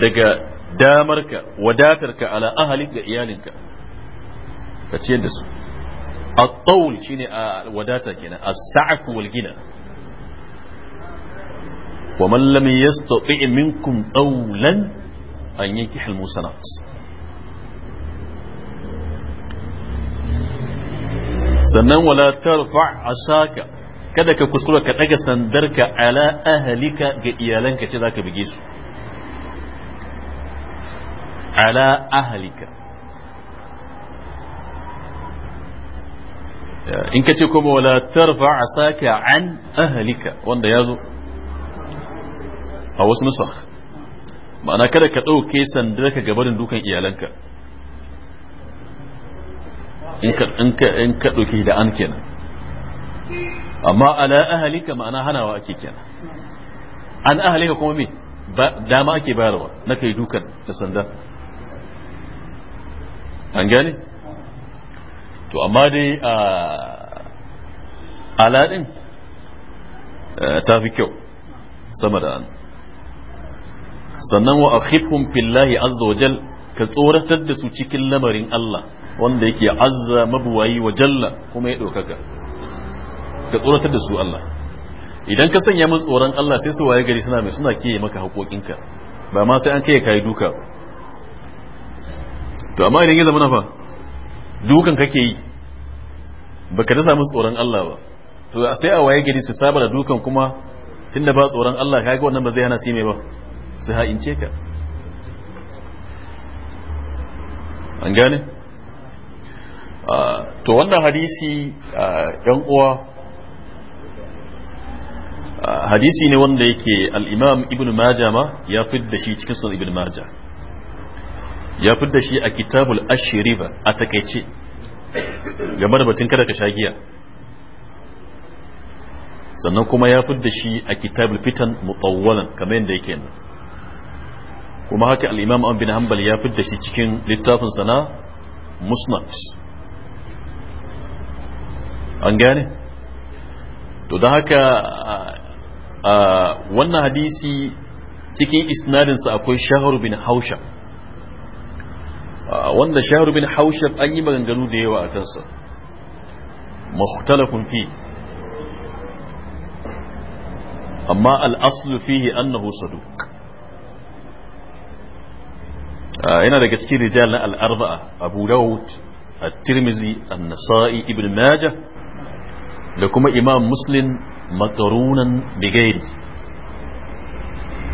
daga damarka wadatarka ala ahalik iyalinka ka ciyar da su at-tawl shine a wadata kenan as-sa'f wal gina ومن لم يستطع منكم قولا أن ينكح المحصنات sannan wala tarfa asaka kada ka kuskura ka daga sandarka ala ahalika ga iyalanka ce zaka bige su ala ahalika in ka ce kuma wala tarfa asaka an ahalika wanda ya zo a wasu nusa ma'ana kada ka ɗauke sandar ka gabarin dukan iyalanka in ka ɗauke da an kenan amma ala ahalika ma'ana hanawa ake kenan an ahalika kuma me dama ake bayarwa na kai dukan da sanda an gane to amma dai a ala ɗin eh, ta fi kyau sama da an sannan wa akhifhum billahi azza wajal ka tsoratar da su cikin lamarin Allah wanda yake azza mabuwayi wa jalla kuma ya ɗaukaka ka tsoratar da su Allah idan ka sanya mun tsoron Allah sai su waye gari suna mai suna kiyaye maka haƙoƙinka ba ma sai an kai kai duka to amma idan ya zama nafa dukan kake yi baka ta samu tsoron Allah ba to sai a waye gari su saba da dukan kuma tunda ba tsoron Allah ga wannan ba zai hana su mai ba su ha'ince ka an gane ah, to wannan hadisi ah, yan uwa ah, hadisi ne wanda yake alimam ibn maja ma ya fidda shi cikin sun ibn maja ya fidda shi a kitabul ashriba a takaice game da batun kada ka sha giya sannan kuma ya fidda shi a kitabul fitan mutawwalan kamar yadda yake nan kuma haka al'imam an bin hanbal ya fidda shi cikin littafin sana musnad an gane to da haka wannan hadisi cikin isnadinsa akwai shahar bin hausha. wanda shahar bin haushab an yi maganganu da yawa a kansa mukhtalafun fi amma al'aslu fihi annahu saduq yana daga cikin rijal na al'arba'a abu dawud a tirmizi an-nasa'i ibn Maja. da kuma imam muslim makarunan bigairi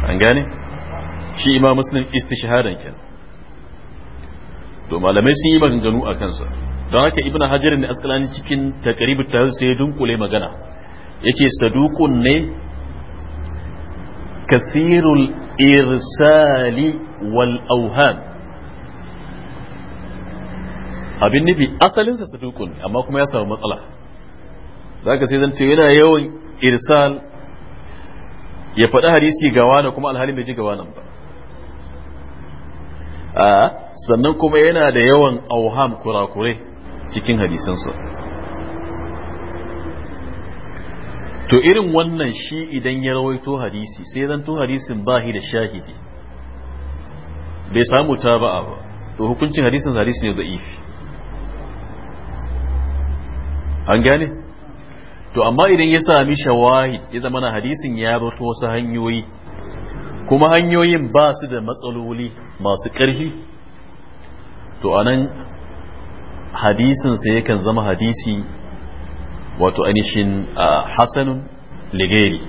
an gane shi imam muslim istishahadan ken to malamai sun yi maganganu a kansa don haka ibn hajar ne askalani cikin takaribin ta sai dunkule magana ce saduqun ne kasirul irsali walauhan. abin nufi asalinsa sadukun amma kuma ya samu matsala za ka sai zan ce yana yawan irsal ya faɗi hadisi ga wani kuma alhali bai ji ga wani ba a sannan kuma yana da yawan auham kurakure cikin hadisansa to irin wannan shi idan ya rawaito hadisi sai zan to hadisin ba shi da shahidi bai samu taba'a ba to hukuncin hadisin hadisi ne da'ifi an gane to amma idan ya sami shawahid ya zama na hadisin ya rawaito wasu hanyoyi kuma hanyoyin ba su da matsaloli masu ƙarfi to anan hadisin sai yakan zama hadisi wato ainihin hasanun ligeri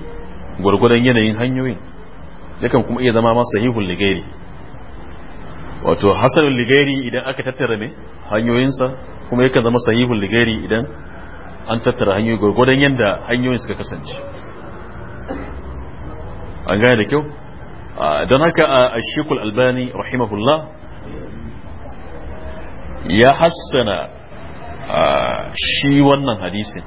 gwargwadon yanayin hanyoyin yakan kuma iya zama ma sahihun ligeri wato hasanun ligeri idan aka tattara ne hanyoyinsa kuma yakan zama sahihun ligeri idan an tattara hanyoyi gwargwadon yadda hanyoyin suka kasance an gane da kyau don haka a shekul albani rahimahullah ya hassana shi wannan hadisin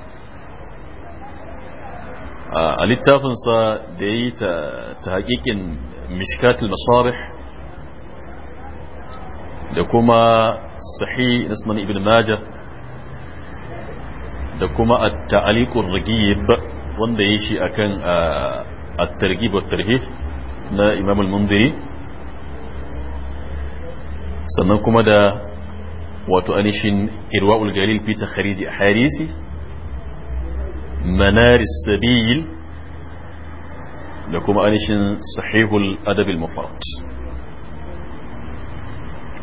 a littafinsa da ya yi ta hakikin mishkatul masarih da kuma sahi na ibn majah da kuma a ta'alikun rigib wanda ya shi a kan a targib wa tarhif na imam al-mundiri sannan kuma da wato anishin irwa ulgalil fi takhariji a harisi manaris sabil da kuma anishin sahihul adabil mufrat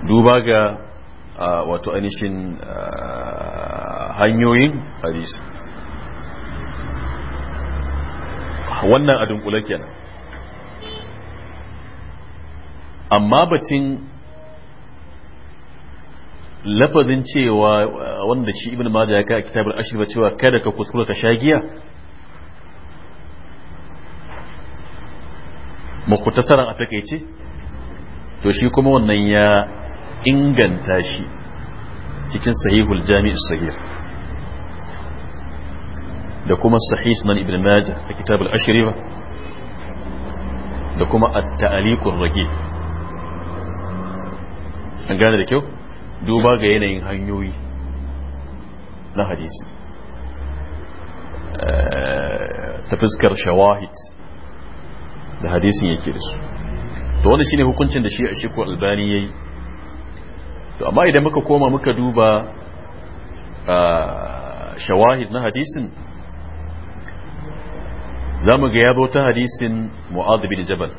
duba ga wato anishin hanyoyin hadisi wannan adin dunkule kenan amma batin. lafazin cewa uh, wanda shi ibn majah ya kai a kitabul ashir ba cewa kada ka kuskura ka sha shagiya mukutasaran a takeice to shi kuma wannan ya inganta shi cikin sahihul jami'u sahih da kuma sahih sunan ibn majah a kitabul ashir ba da kuma at-ta'liqur raqib an gane da kyau duba ga yanayin hanyoyi na hadisi eh, ta fuskar shawahid da hadisin yake da su to wanda shine hukuncin da shi a shiku albani yayi to amma idan muka koma muka duba eh, shawahid na hadisin za mu ga ya ta hadisin mu'adh bin jabal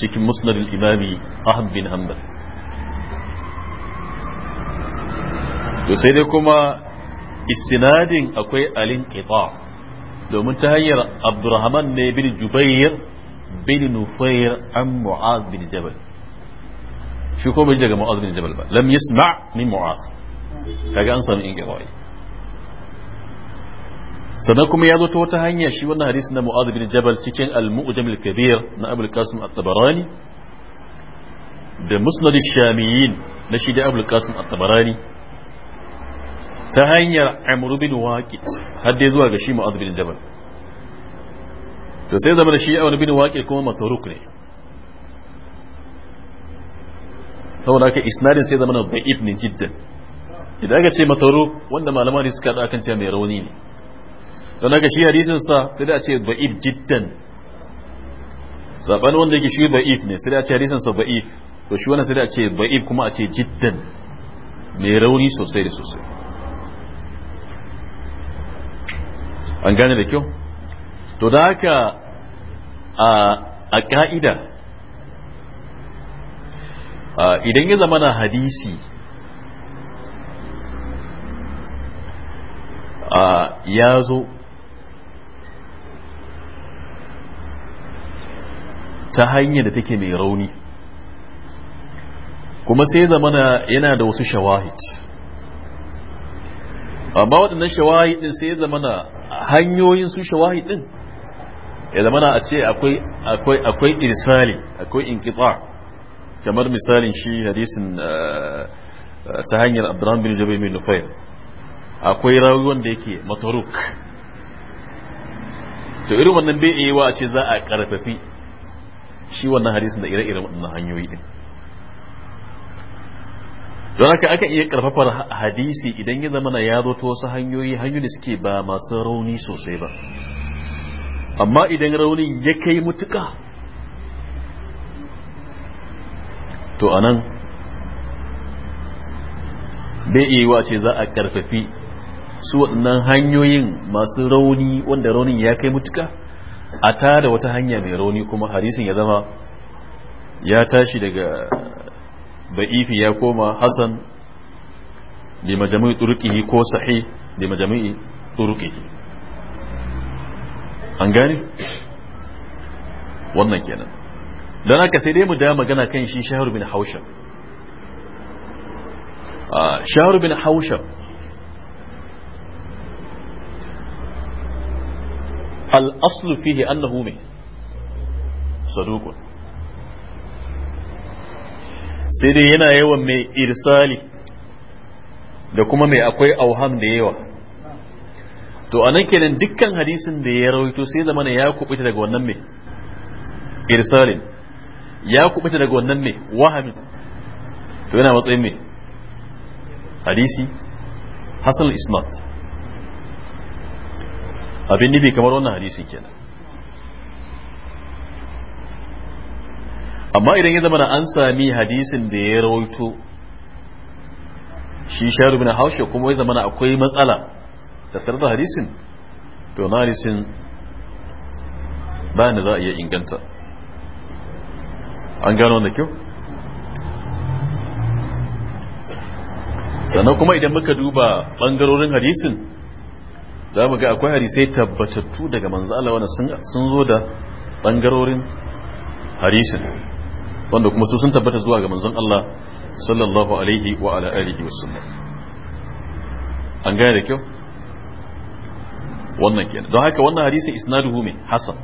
cikin musnadin imami ahmad bin hanbal to sai dai kuma istinadin akwai alin qita domin ta hanyar abdurrahman ne bin jubair bin nufair an mu'az bin jabal shi ko bai daga mu'az bin jabal ba lam yasma min mu'az kaga an samu in qita sannan kuma ya zo ta wata hanya shi wannan hadisi na mu'az bin jabal cikin al-mu'jam al-kabir na abul qasim at-tabarani da musnad ash-shamiyin na shi da abul qasim at-tabarani ta hanyar amru bin waqit har dai zuwa ga shi mu'adh bin jabal to sai zama da shi amru bin waqit kuma matruk ne saboda haka isnadin sai zama da ibn jiddan idan aka ce matruk wanda malama ne suka da akan cewa mai rauni ne don haka shi hadisin sa sai da ce da'if jiddan saban wanda yake shi da'if ne sai da ce hadisin sa da'if to shi wannan sai da ce da'if kuma a ce jiddan mai rauni sosai da sosai an gane da kyau to da haka a ka'ida idan ya zama na hadisi ya zo ta hanyar da take mai rauni kuma sai zamana yana da wasu shawahid amma waɗannan shawahi ɗin sai ya zama na hanyoyin su shawahi ɗin ya zama na a ce akwai akwai akwai irsali akwai inqita kamar misalin shi hadisin eh, eh, ta hanyar Abdurrahman bin Jabir bin Nufayl akwai rawi wanda yake mataruk to irin wannan bai yi wa a ce za a karfafi shi wannan hadisin da ire-iren waɗannan hanyoyi ɗin don haka aka iya karfafar hadisi idan ya zama ya zo ta wasu hanyoyi hanyoyi da suke ba masu rauni sosai ba amma idan raunin ya kai mutuka to anan bai iya yiwa ce za a karfafi su waɗannan hanyoyin masu rauni wanda raunin ya kai mutuka a tada wata hanya mai rauni kuma hadisin ya zama ya tashi daga da'ifi ya koma hasan li majami'i turqihi ko majami'i an gane wannan kenan don haka sai dai mu da magana kan shi shahar bin hausha shahar bin hausha al'aslu fihi annahu mai sai dai yana yawan mai irsali da kuma mai akwai auham da yawa to a nan kenan dukkan hadisin da ya rawaito sai zamana ya kubuta daga wannan mai irsalin ya kubuta daga wannan mai wahamin to yana matsayin mai hadisi hasan ismat abin nufi kamar wannan hadisin kenan amma idan ya zama na an sami hadisin da ya rawaito shi sharu bin haushe kuma ya zama akwai matsala da da hadisin to na hadisin ba ni za a iya inganta an gano wanda kyau sannan kuma idan muka duba ɓangarorin hadisin za mu ga akwai hadisai tabbatattu daga manzala wanda sun zo da ɓangarorin hadisin wanda kuma su sun tabbata zuwa ga manzon Allah sallallahu alaihi wa ala alihi wasallam an gane da kyau wannan kenan don haka wannan hadisin isnaduhu min hasan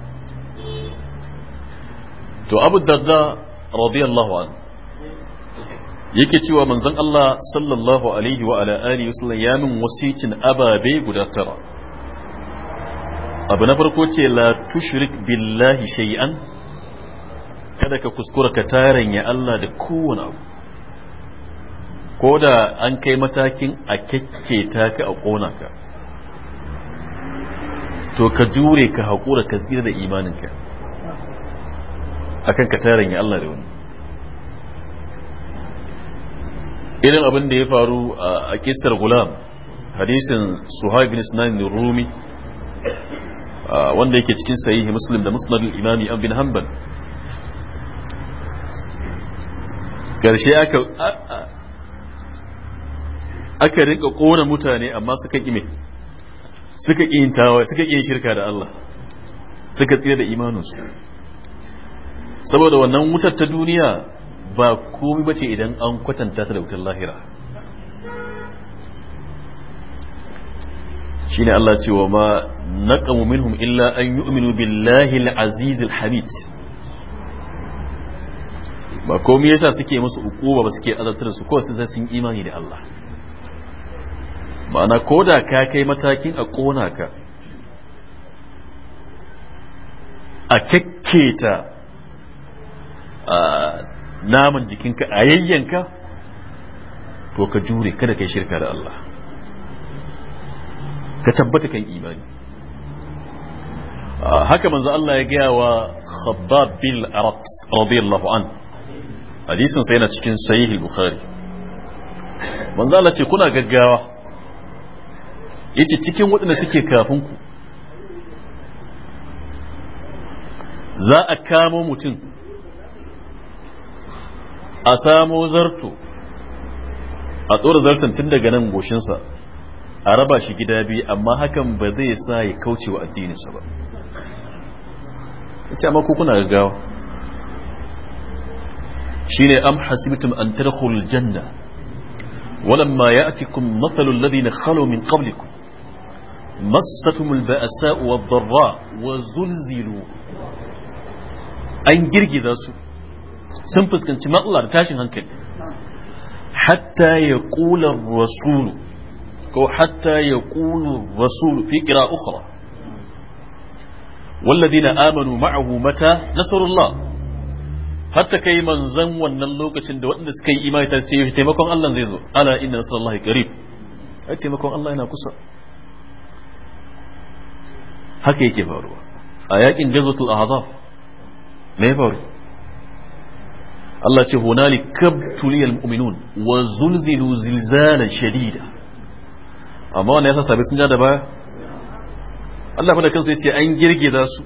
to abu darda radiyallahu an yake cewa manzon Allah sallallahu alaihi wa ala alihi wasallam ya min wasicin ababe guda tara abu na farko ce la tushrik billahi shay'an kada ka kuskura ka ya Allah da kowane abu ko da an kai matakin a kyakketa ka a ƙona ka to ka jure ka haƙura ka tsira da imaninka a kan ka ya Allah da wani irin abin da ya faru a kistar gulam hadisin suhaib bin sinan rumi wanda yake cikin sahihi muslim da musnad imami an bin hanbal karshe aka aka rinka kona mutane amma suka ƙi me suka ƙi yin suka ƙi shirka da Allah suka tsira da imaninsu saboda wannan wutar ta duniya ba komai bace idan an kwatanta ta da wutar lahira shine Allah ce wa ma naqamu minhum illa an yu'minu billahi al-aziz al-hamid ba komai yasa suke musu ukuba ba suke azartar su ko sai sun imani da Allah ma'ana ko da ka kai matakin a kona ka a kekketa naman jikinka a yayyanka to ka jure kada kai shirka da Allah ka tabbata kan imani haka manzo Allah ya gaya wa khabbab bil arat radiyallahu anhu hadisin sai na cikin sahihi bukhari manzo Allah ce kuna gaggawa yace cikin waɗanda suke kafin ku za a kamo mutum a samo zarto a tsora zarton tun daga nan goshinsa a raba shi gida biyu amma hakan ba zai sa ya kauce wa addininsa ba ita amma ko kuna gaggawa شيني أم حسبتم أن تدخلوا الجنة ولما يأتكم مثل الذين خلوا من قبلكم مستهم البأساء والضراء وزلزلوا أين جرجي ذاسو سنفت كنت ما الله رتاشن هنك حتى يقول الرسول أو حتى يقول الرسول في قراءة أخرى والذين آمنوا معه متى نصر الله hatta kai manzan wannan lokacin da waɗanda suka yi imani ta ce taimakon Allah zai zo ala inna sallallahu qarib ai taimakon Allah yana kusa haka yake faruwa a yakin jazatul ahzab me faru Allah ce hunalik kabtuliyal mu'minun wa zulzilu zilzalan shadida amma wannan yasa sabai sun ja da baya Allah fa da kansa yace an girgiza su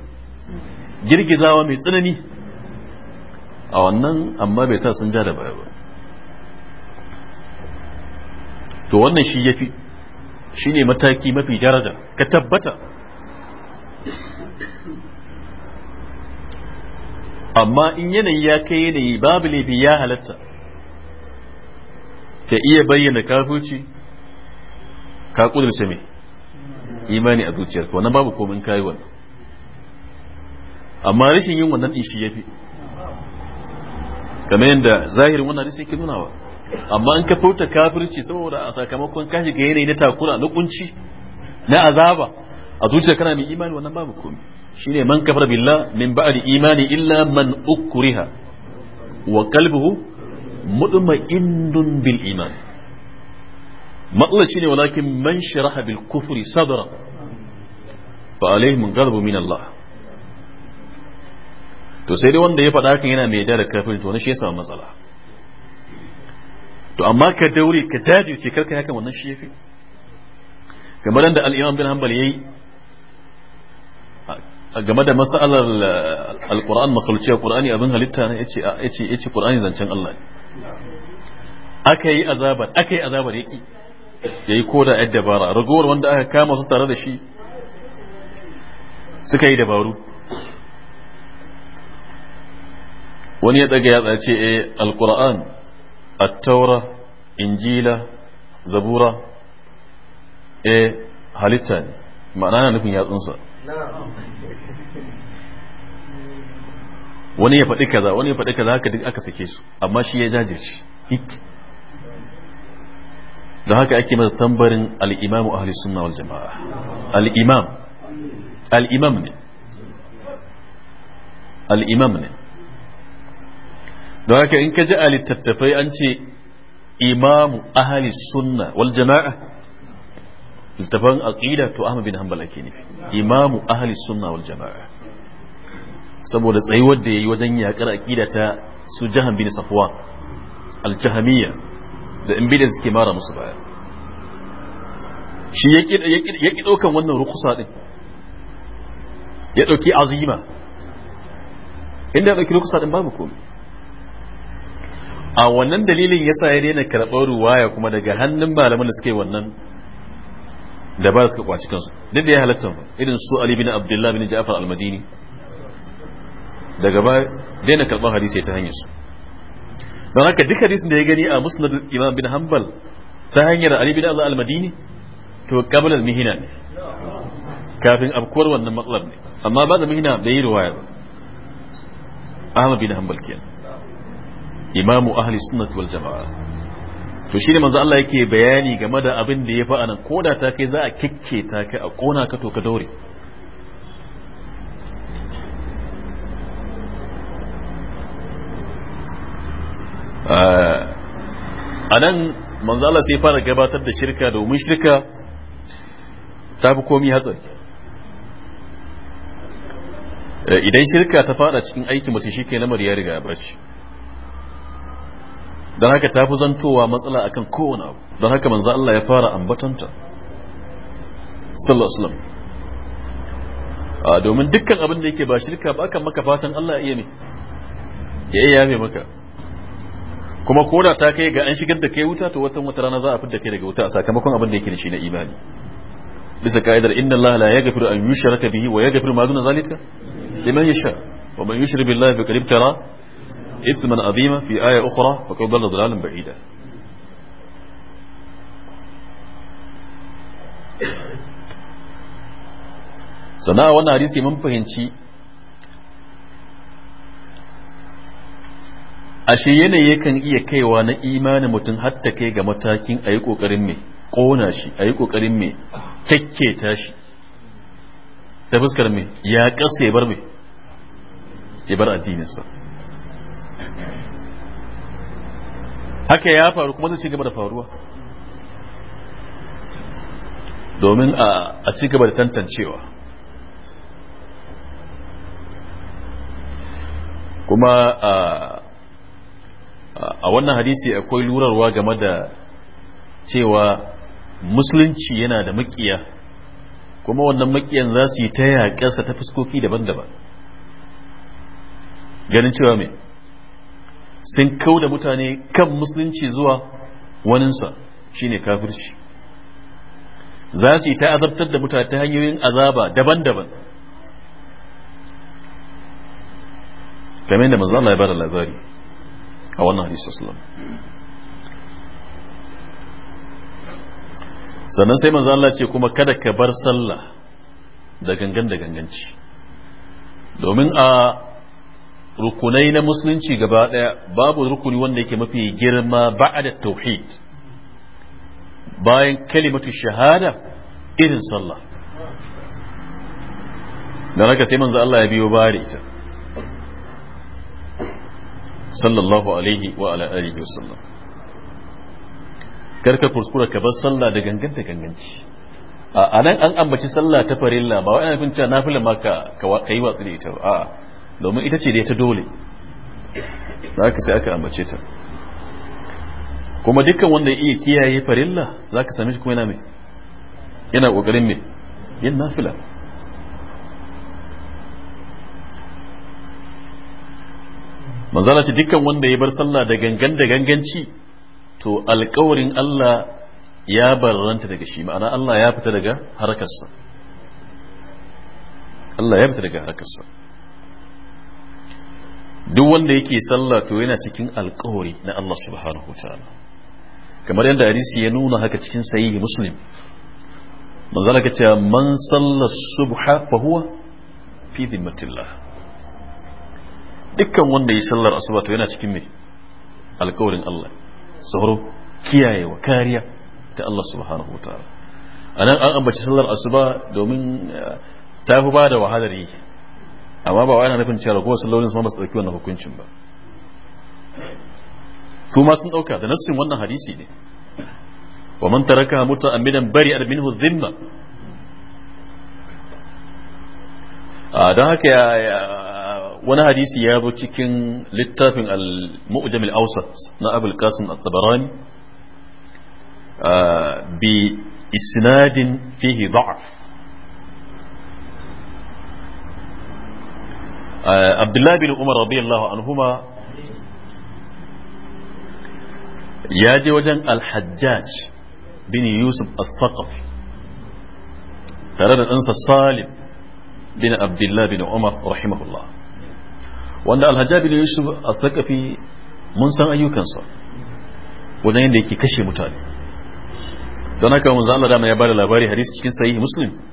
girgizawa mai tsanani a wannan amma bai sa sun ja da baya ba to wannan shi ya fi shi ne mataki mafi daraja ka tabbata amma in yanayi ya kai yanayi babu laifi ya halatta ka iya bayyana kafirci ka kudurce mai imani a zuciyarka wannan babu komin kayi wannan amma rashin yin wannan din shi ya fi kamar yadda zahirin wannan hadisi yake nunawa amma in ka furta kafirci saboda a sakamakon ka shiga yanayi na takura na kunci na azaba a zuciya kana mai imani wannan babu komai shine man kafara billah min ba'di imani illa man ukriha wa qalbuhu mutma'innun bil iman matsalar shine walakin man sharaha bil kufri sadra fa alaihim ghadabun min Allah to sai dai wanda ya faɗa kan yana mai da kafin to na shi ya samu matsala to amma ka daure ka jajirce karka yakan wannan shi yafi kamar da al-imam bin hanbal yayi game da masalar eh, alqur'an quran masulciya Qur'ani abin halitta ne yace yace yace Qur'ani zancen Allah aka yi azabar aka yi azabar yaki yayi koda yadda bara ragowar wanda aka kama su tare da shi suka yi dabaru wani ya daga ya tsace a alquran at-taura injila zabura a halitta ne ma'ana na nufin yatsunsa wani ya faɗi kaza wani ya faɗi kaza haka duk aka sake su amma shi ya jajirce da haka ake mata tambarin al'imamu a halittu sunna wal jama'a al'imam al'imam ne al'imam ne don haka in ka ji a littattafai an ce imamu ahli sunna wal jama'a littafan aqida to ahmad bin hanbal ake nufi imamu ahli sunna wal jama'a saboda tsayuwar da yayi wajen yakar aqida ta su jahan bin safwa al jahamiyya da impedance suke mara musu baya shi ya ki ɗaukan wannan rukusa ɗin ya ɗauki azima inda ya ɗauki rukusa ɗin babu komai a wannan dalilin yasa ya daina karɓar ruwaya kuma daga hannun malaman da suke wannan da ba suka kwaci kansu duk da ya halatta irin su Ali bin Abdullah bin Ja'far al-Madini daga ba daina karɓar hadisi ta hanyar su don haka duk hadisin da ya gani a musnad Imam bin Hanbal ta hanyar Ali bin Allah al-Madini to qabla al-mihna ne kafin abkuwar wannan matsalar ne amma ba da mihna bai yi ruwaya Ahmad bin Hanbal kenan imamu ahli sunnati wal jama'a to shine manzo Allah yake bayani game da abin da ya fa anan koda ta kai za a kikke ta kai a kona ka to ka daure a nan manzo Allah sai fara gabatar da shirka domin shirka ta fi komi hatsari eh, idan shirka ta fada cikin aiki mutum shi ke namar ya riga ya barci don haka ta fi zantowa matsala akan kowane abu don haka manzo Allah ya fara ambatanta sallallahu alaihi wasallam domin dukkan abin da yake ba shirka ba kan maka fatan Allah iya ne ya iya yafe maka kuma ko da ta kai ga an shigar da kai wuta to watan wata rana za a fidda kai daga wuta a sakamakon abin da yake da shi na imani bisa ka'idar inna Allah la yaghfiru an yushraka bihi wa yaghfiru ma duna zalika liman yasha wa man yushrik billahi faqad ibtara إثما عظيما في آية أخرى فقد ضل ضلالا بعيدا sana'a wannan hadisi mun fahimci ashe yanayi kan iya kaiwa na imanin mutum har ta kai ga matakin a yi ƙoƙarin mai ƙona shi a yi ƙoƙarin mai kyakketa shi ta fuskar mai ya ƙasa ya bar mai ya bar addininsa haka ya faru kuma zai ci gaba da faruwa domin a ci gaba da tantancewa kuma a wannan hadisi akwai lurarwa game da cewa musulunci yana da makiya kuma wannan makiyan za su yi ta yaƙarsa ta fuskoki daban-daban ganin cewa mai sun kau da mutane kan musulunci zuwa waninsa shine kafirci za su yi ta azabtar da mutane ta hanyoyin azaba daban-daban kamar da manzo Allah ya bada labari a wannan hadisi sallam. sannan sai manzo Allah ce kuma kada ka bar sallah da gangan da ganganci domin a rukunai na musulunci gaba daya babu rukuni wanda yake mafi girma da tauhid bayan kalimatu shahada irin sallah da haka sai manzo Allah ya biyo bare ita sallallahu alaihi wa ala alihi wa sallam karka kuskura ka bar sallah da ganganta ganganci a nan an ambaci sallah ta farilla ba wai ana nufin cewa nafila ma ka yi watsi da ita a'a domin ita ce da ta dole za ka sai aka ambace ta kuma dukkan wanda ya iya kiyaye farilla za ka same shi kuma yana mai yana ƙoƙarin mai yin nafila manzala ce dukkan wanda ya bar sallah da gangan da ganganci to alkawarin Allah ya barranta daga shi ma'ana Allah ya fita daga harakarsa Allah ya fita daga harakarsa duk wanda yake sallah to yana cikin alkawari na Allah subhanahu wa ta'ala kamar yadda hadisi ya nuna haka cikin sahihi muslim manzala ka ce man sallar subha fa huwa fi dhimmatillah dukkan wanda yi sallar asuba to yana cikin me alkawarin Allah tsaro kiyayewa kariya ta Allah subhanahu wa ta'ala anan an ambaci sallar asuba domin eh, ta fi ba da wahalar yi amma ba wa yana nufin cewa ragowar sallolin su ma ba su ɗauki wannan hukuncin ba su ma sun ɗauka da nassin wannan hadisi ne wa man taraka muta'ammidan bari'a minhu dhimma don haka wani hadisi ya bu cikin littafin al-mu'jam al-awsat na abul qasim at-tabarani bi isnadin fihi da'af Eh, abdullahi bin umar radiyallahu anhuma ya je wajen alhajjaj bin yusuf al-thaqaf tare da ɗansa salim bin abdullahi bin umar rahimahullah wanda alhajjaj bin yusuf al-thaqafi mun san ayyukansa wajen yadda yake kashe mutane don haka mun za Allah dama ya bada labari hadisi cikin sahihi muslim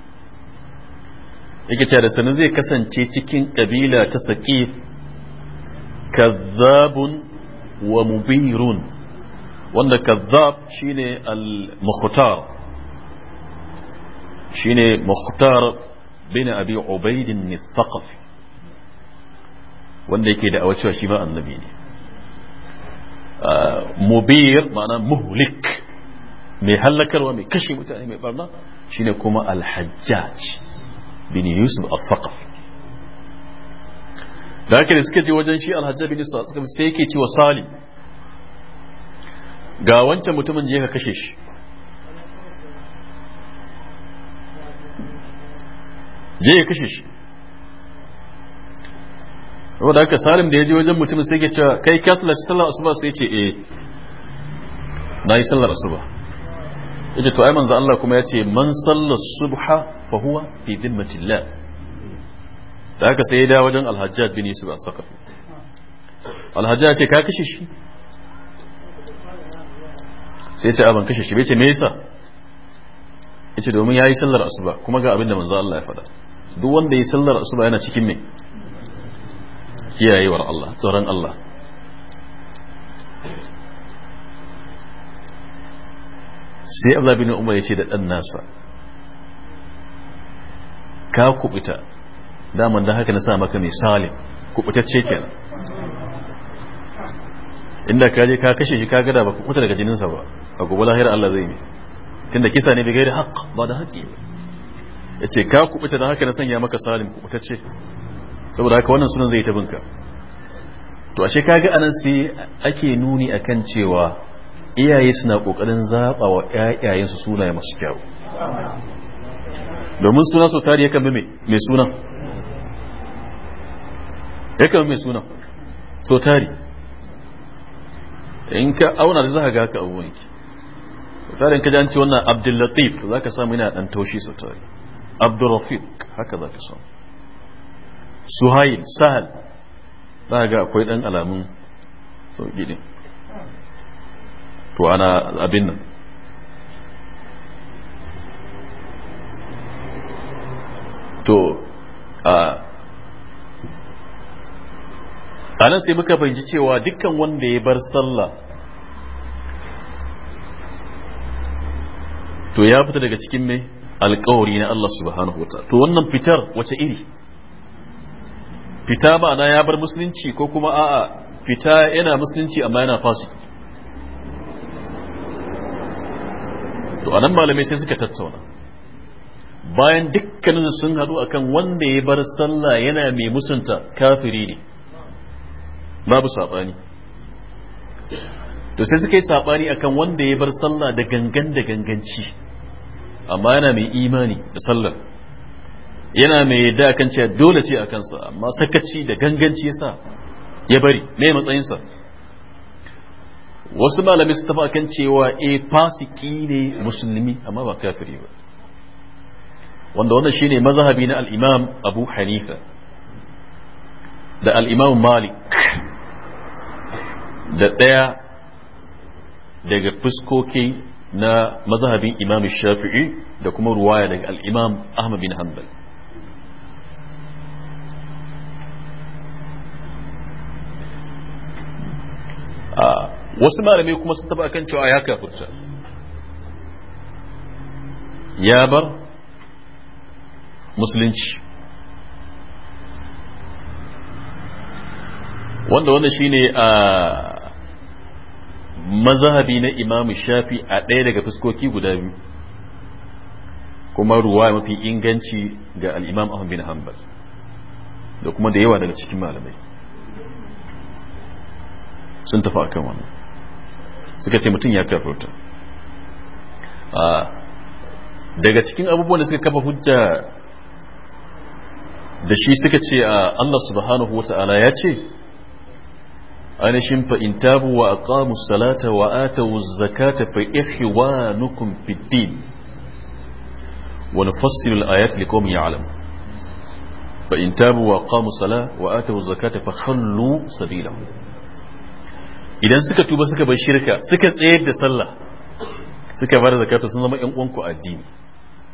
yake da sanin zai kasance cikin kabila ta saqif kazzabun wa mubirun wanda kazzab shine al-mukhtar shine mukhtar bin abi ubaid al wanda yake da cewa shi ba annabi ne ah, mubir ma'ana muhlik mai hallakarwa mai kashe mutane mai barna shine kuma al-hajjaj bin yusuf al-faqaf da haka da suka je wajen shi alhajjab bin yusuf al-faqaf sai yake wa sali ga wancan mutumin je ka kashe shi je ka kashe shi da haka salim da ya je wajen mutumin sai ke cewa kai kasla sallar asuba sai ce eh na yi sallar asuba yace to ai manzo Allah kuma yace man salla subha fa huwa fi dhimmatillah da haka sai da wajen al-hajjaj bin yusuf as-saqafi al-hajjaj ce ka kashe shi sai sai aban kashe shi bai ce me yasa yace domin yayi sallar asuba kuma ga abin da manzo Allah ya faɗa duk wanda yayi sallar asuba yana cikin me kiyayewar Allah tsoron Allah sai Allah bin Umar ya ce da ɗan nasa ka kubuta daman da haka na sa maka misali kubutacce kenan inda ka je ka kashe shi ka gada ba kubuta daga jininsa ba a gobe lahira Allah zai ne. tunda kisa ne bai gairi haƙ ba da haƙi ya ce ka kubuta da haka na sanya maka salim kubutacce saboda haka wannan sunan zai ta binka to ashe kaga anan sai ake nuni akan cewa iyaye suna kokarin zaba wa ƴaƴayensu sunaye masu kyau domin suna su tare yakan bi mai suna yakan kambi mai suna so tari in ka auna da za ga haka abubuwan ki in ka janci an ce wannan abdullatif za ka samu yana dan taushi so tari abdurrafiq haka za ka samu suhail sahal za ga akwai dan alamun sauƙi ne to ana abin nan to a nan sai muka fahimci cewa dukkan wanda ya bar sallah to ya fita daga cikin mai alkawari na Allah subhanahu wa to wannan fitar wace iri fita ma'ana ya bar musulunci ko kuma a'a fita yana musulunci amma yana fasiki to anan malamai sai suka tattauna bayan dukkanin sun haɗu akan wanda ya bar sallah yana mai musunta kafiri ne babu saɓani to sai suka yi saɓani akan wanda ya bar sallah da gangan da ganganci amma yana mai imani da sallar yana mai yadda akan cewa dole ce a kansa amma sakaci da ganganci yasa ya bari me matsayinsa wasu malamai su tafi akan cewa eh fasiki ne musulmi amma ba kafiri ba wanda wannan shine mazhabi na al-imam abu hanifa da al-imam malik da ɗaya daga fuskoki na mazhabin imam shafi'i da kuma ruwaya daga al-imam ahmad bin hanbal a ah, wasu malamai kuma sun taba akan cewa ya kafirta ya bar musulunci wanda wannan shine a mazhabi na imamu shafi a ɗaya daga fuskoki guda biyu kuma ruwa mafi inganci ga al'imam ahun bin hanbal da kuma da yawa daga cikin malamai sun tafi akan wannan suka ce mutum ya kafirta daga cikin abubuwan da suka kafa hujja da shi suka ce a Allah subhanahu wa ta'ala ya ce ainihin fa in tabu wa aqamu salata wa atawu zakata fa ikhwanukum fid din wa nufassilu al-ayati liqaumin ya'lamun fa in tabu wa aqamu salata wa atawu zakata fa khallu sabilahum idan suka tuba suka bar shirka suka tsayar da sallah suka bar zakata sun zama yan uwanku addini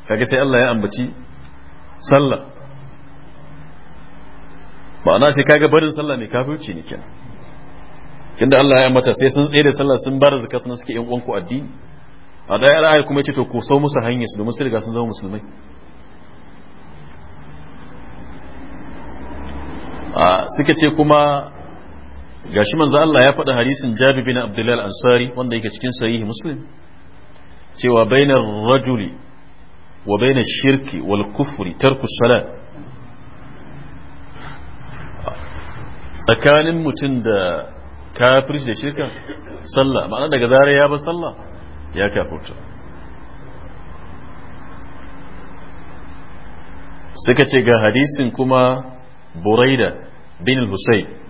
kaga sai Allah ya ambaci sallah ma'ana sai kaga barin sallah ne kafirci ne kenan tunda Allah ya ambata sai sun tsaye da sallah sun bar zakata sun suke yan uwanku addini a da ayar kuma yace to ko sau musu hanyar su domin su riga sun zama musulmai suka ce kuma gashi manzo Allah ya faɗi hadisin Jabir bin Abdullah al-Ansari wanda yake cikin sahih Muslim cewa bainar rajuli wa bainar shirki wal kufri tarku salat tsakanin mutum da kafirci da shirka sallah ma'ana daga zare ya bar sallah ya kafurta suka ce ga hadisin kuma buraida bin al-husayn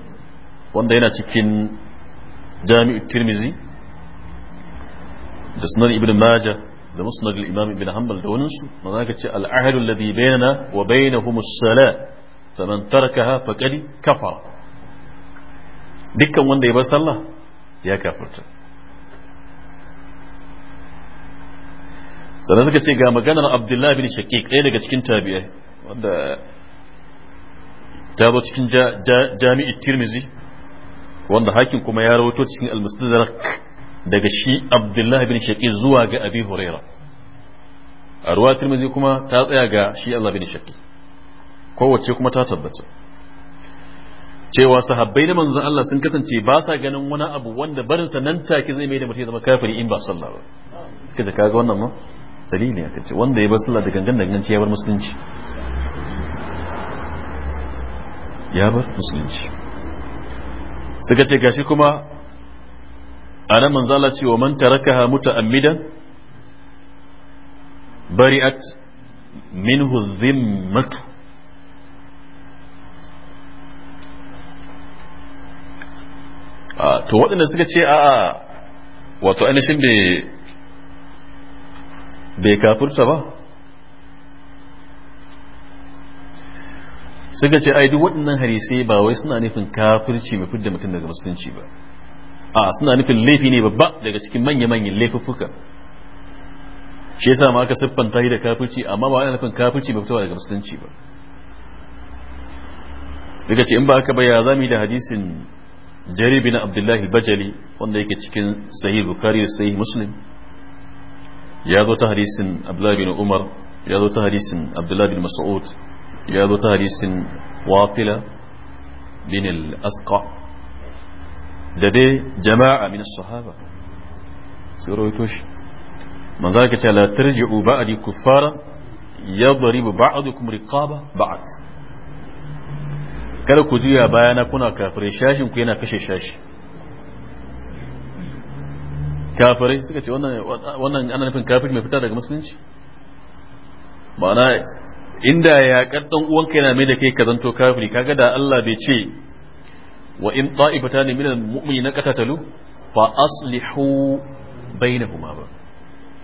wanda yana cikin jami'u tirmizi da sunan ibn maja da musnad al-imam ibn hanbal da wani su ma zaka ce al-ahlu alladhi bainana wa bainahum as-salat faman tarakaha faqad kafara dukkan wanda ya bar sallah ya kafirta sannan suka ce ga maganar abdullahi bin shaqiq ɗaya daga cikin tabi'ai wanda ta zo cikin jami'i tirmizi wanda hakim kuma ya rawato cikin al-mustadrak daga shi abdullah bin shaqi zuwa ga abi huraira a ruwa tirmizi kuma ta tsaya ga shi allah bin shaqi kowace kuma ta tabbata cewa sahabbai na manzon Allah sun kasance ba sa ganin wani abu wanda barin sa nan take zai mai da mutum zama kafiri in ba sallah ba suka ce kaga wannan ma dalili ne ce wanda ya bar sallah da gangan dangan ya bar musulunci ya bar musulunci suka ce gashi kuma a nan manzala ce wa man tarakaha muta'ammidan bari'at minhu zimmat ah, to waɗanda suka ce a'a wato ainihin bai kafurta ba suka ce ai duk waɗannan hadisai ba wai suna nufin kafirci mai fidda mutum daga musulunci ba a suna nufin laifi ne babba daga cikin manya-manyan laifuffuka shi yasa ma aka siffanta shi da kafirci amma ba wai nufin kafirci mai fitowa daga musulunci ba daga ce in ba haka ba ya zami da hadisin jari bin abdullahi bajali wanda yake cikin sahih bukari da sahih muslim ya zo ta hadisin abdullahi bin umar ya zo ta hadisin abdullahi bin mas'ud يا ذو تهديس واطلة بن الأسقع لدي جماعة من الصحابة سيرويتوش من ذلك لا ترجعوا بعدي كفارا يضرب بعضكم رقابة بعد kada ku juya bayana kuna kafirai shashin ku yana kashe shashi kafirai suka ce wannan ana nufin kafir mai fita daga musulunci ma'ana inda ya kaddan uwanka na mai da kai ka zanto kafiri kaga da Allah bai ce wa in ta'ifatan min al-mu'minina qatatalu fa aslihu bainahuma ba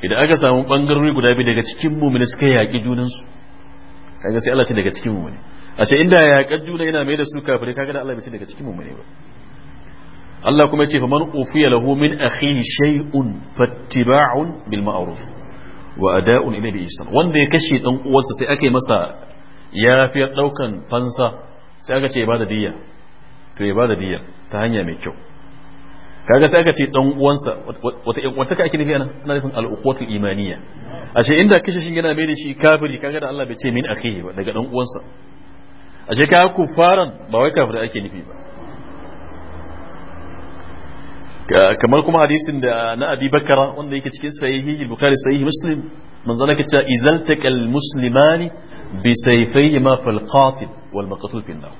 idan aka samu bangarori guda biyu daga cikin mu'mini suka yaƙi junansu kaga sai Allah ce daga cikin mu'mini a ce inda ya yaƙar juna yana mai da su kafirai kaga da Allah bai ce daga cikin mu'mini ba Allah kuma ya ce fa faman ufiya lahu min akhihi shay'un fattiba'un bil ma'ruf wa ada'un ilayhi bi ihsan wanda ya kashe dan uwarsa sai aka yi masa yafiyar daukan fansa sai aka ce ya bada diyya to ya bada diyya ta hanya mai kyau kaga sai aka ce dan uwansa wata wata ka ake nufi ana ana nufin al-uquwatul imaniyya ashe inda kashe shi yana mai da shi kafiri kaga da Allah bai ce min akhihi ba daga dan uwansa ashe ka kufaran ba wai kafiri ake nufi ba kamar kuma hadisin da na abi bakara wanda yake cikin sahihi bukhari sahihi muslim manzo nake cewa izal taqal muslimani bi sayfayhima fal qatil wal maqtul fi an-nar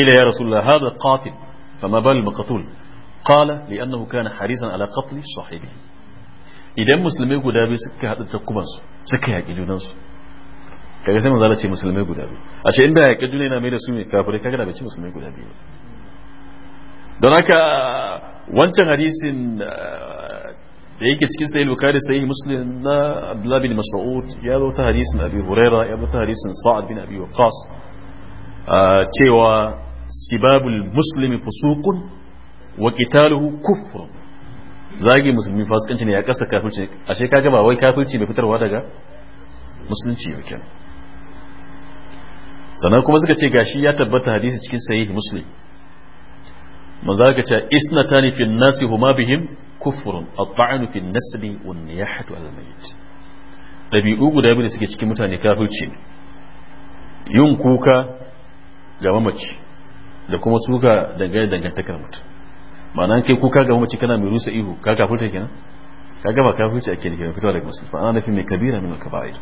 ila ya rasulullah hadha qatil fama bal maqtul qala li annahu kana harisan ala qatl sahibihi idan musulmai guda biyu suka hada takuban su suka yaki junan su kaga sai manzo ce musulmai guda biyu ashe inda yaki junan yana mai da su ne kafirai kaga da ba ci musulmai guda biyu don haka wancan hadisin eh, da yake cikin sahih bukhari sahih muslim na abdullah bin mas'ud ya zo ta hadisin abi huraira ya zo ta hadisin sa'ad bin abi waqas eh, cewa sibabul muslimi fusuqun wa qitaluhu kufr zagi musulmi fasikanci ne ya kasa kafirci ashe kaga ba wai kafirci bai fitarwa daga musulunci ba kenan sannan kuma suka ce gashi ya tabbata hadisi cikin sahih muslim manzo ka ce isnatani fil nasi huma bihim kufrun at-ta'anu fil nasbi wan niyahatu al mayyit dabi'u guda biyu da suke cikin mutane kafirci yin kuka ga mamaci da kuma suka dangane dangantakar mutum ma'ana kai kuka ga mamaci kana mai rusa ihu ka kafirta kenan ka gaba kafirci ake nufi fitowa daga musulmi ana nufi mai kabira min al-kaba'ir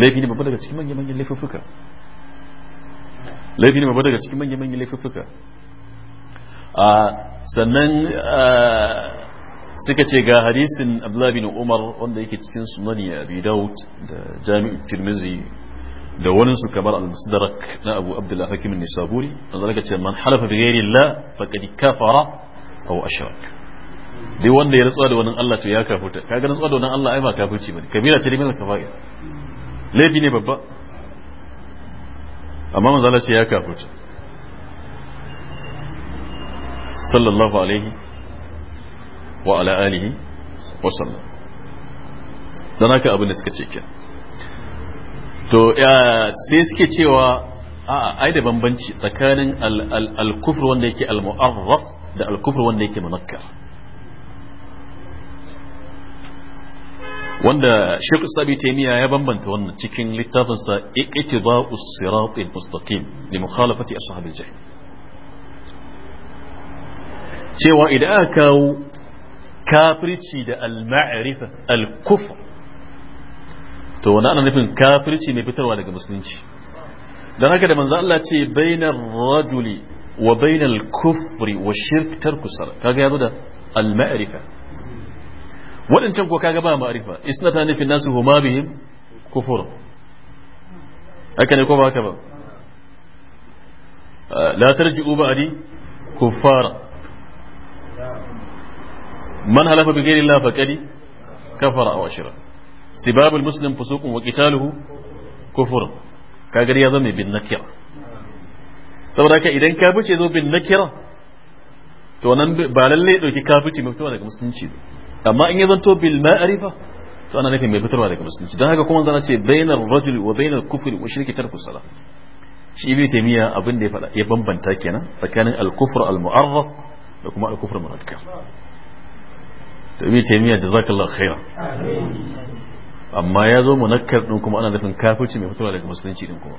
laifi ne babba daga cikin manyan manyan laifuffuka laifi ne babba daga cikin manyan manyan laifuffuka sannan suka ce ga hadisin abdullahi bin umar wanda yake cikin sunani abi daud da Jami'in tirmizi da wani su kamar al-musdarak na abu abdullahi hakim nisaburi wanda zaka ce man halafa bi ghairi allah faqad kafara aw ashrak dai wanda ya rantsuwa da wani Allah to ya kafuta kaga rantsuwa da wani Allah ai ba kafirci bane kabira ce limin kafaya laifi ne babba amma manzo Allah ce ya kafuta صلى الله عليه وعلى آله وسلم دانا كا أبو نسكة تيكا تو يا سيسكة تيوا آه أيدي بمبنش تكان ال ال الكفر وانديك المؤرق دا الكفر وانديك منكر وان شيخ السابي تيمية يا بمبنت وان تيكين لتافنسا اكتضاء الصراط المستقيم لمخالفة أصحاب الجحيم cewa idan aka kawo kafirci da al-ma'rifa al-kufr to wani ana nufin kafirci mai fitarwa daga musulunci don haka da manzo Allah ce bainar rajuli wa bainal kufri wa shirk tarku kaga yazo da al ma'rifa wadancan ko kaga ba ma'rifa isna ta nufin nasu huma bihim kufur haka ne ko ba haka ba la tarji'u ba'di man halafa bi ghairi Allah faqad kafara aw ashra sibabul muslim fusuqun wa qitaluhu kufur kaga ya zama bin nakira saboda haka idan ka bice zo bin nakira to nan ba lalle dauki kafici mai fitowa daga musulunci ba amma in ya zanto bil ma'arifa to ana nufin mai fitarwa daga musulunci don haka kuma zana ce bainar rajul wa bainar kufri wa shirki tarku sala shi ibnu taymiya abin da ya faɗa ya bambanta kenan tsakanin al-kufr al-mu'arraf da kuma al-kufr al-munakkar tabi ta miya da zaka Allah khaira amma ya zo munakkar din kuma ana nufin kafirci mai fitowa daga musulunci din kuma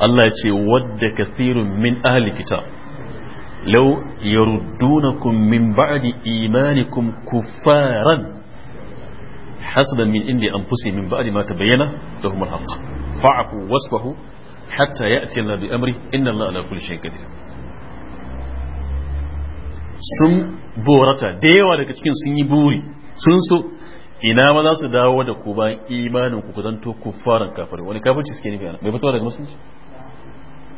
Allah ya ce wadda kathirun min ahli kitab law yaruddunakum min ba'di imanikum kuffaran hasaban min indi anfusi min ba'di ma tabayyana lahum al-haqq fa'fu wasfahu hatta ya'ti bi amri inna Allah ala kulli sun borata da yawa daga cikin sun yi buri sun so ina ma za su dawo da ku bayan imanin ku to ku fara kafar wani kafarci suke nufi mai fitowa daga musulunci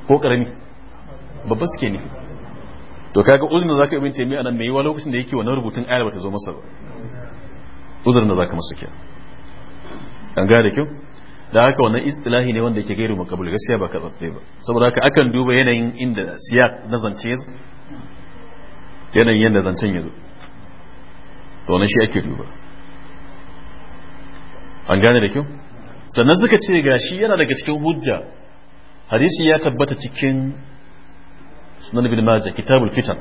ko karami babba suke nufi to kaga uzun da zaka ibn taymiya nan mai yiwa lokacin da yake wannan rubutun ayar bata zo masa ba uzurin da zaka masa kenan an kyau da haka wannan istilahi ne wanda yake gairu makabul gaskiya ba ka katsatse ba saboda haka akan duba yanayin inda siyak na zance yanayin yadda zancen ya zo to na shi ake duba an gane da kyau sannan suka ce ga shi yana daga cikin hujja hadisi ya tabbata cikin sunan ibn majah kitabul fitan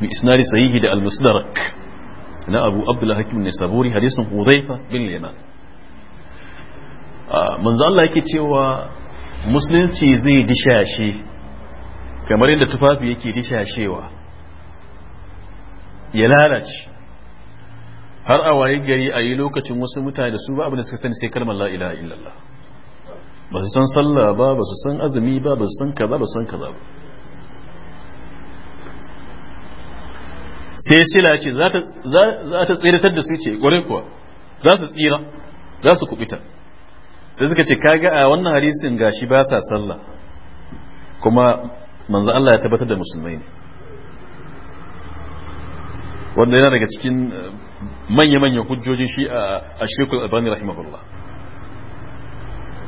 bi isnadi sahihi da al-musdarak na abu abdullah hakim ne saburi hadisin hudhaifa bin yaman ah, manzo Allah yake cewa musulunci zai shi. kamar yadda tufafi yake dishashewa ya lalace har a waye gari a yi lokacin wasu mutane da su ba abin da suka sani sai kalmar la ilaha illallah ba su san sallah ba ba su san azumi ba ba su san kaza ba su san kaza ba sai sila ce za ta tsiratar da su ce gwarai kuwa za su tsira za su kubita sai suka ce kaga a wannan harisin gashi ba sa sallah kuma manzo Allah ya tabbatar da musulmai ne wanda yana daga cikin eh, manya-manyan hujjojin shi a shekul albani rahimahullah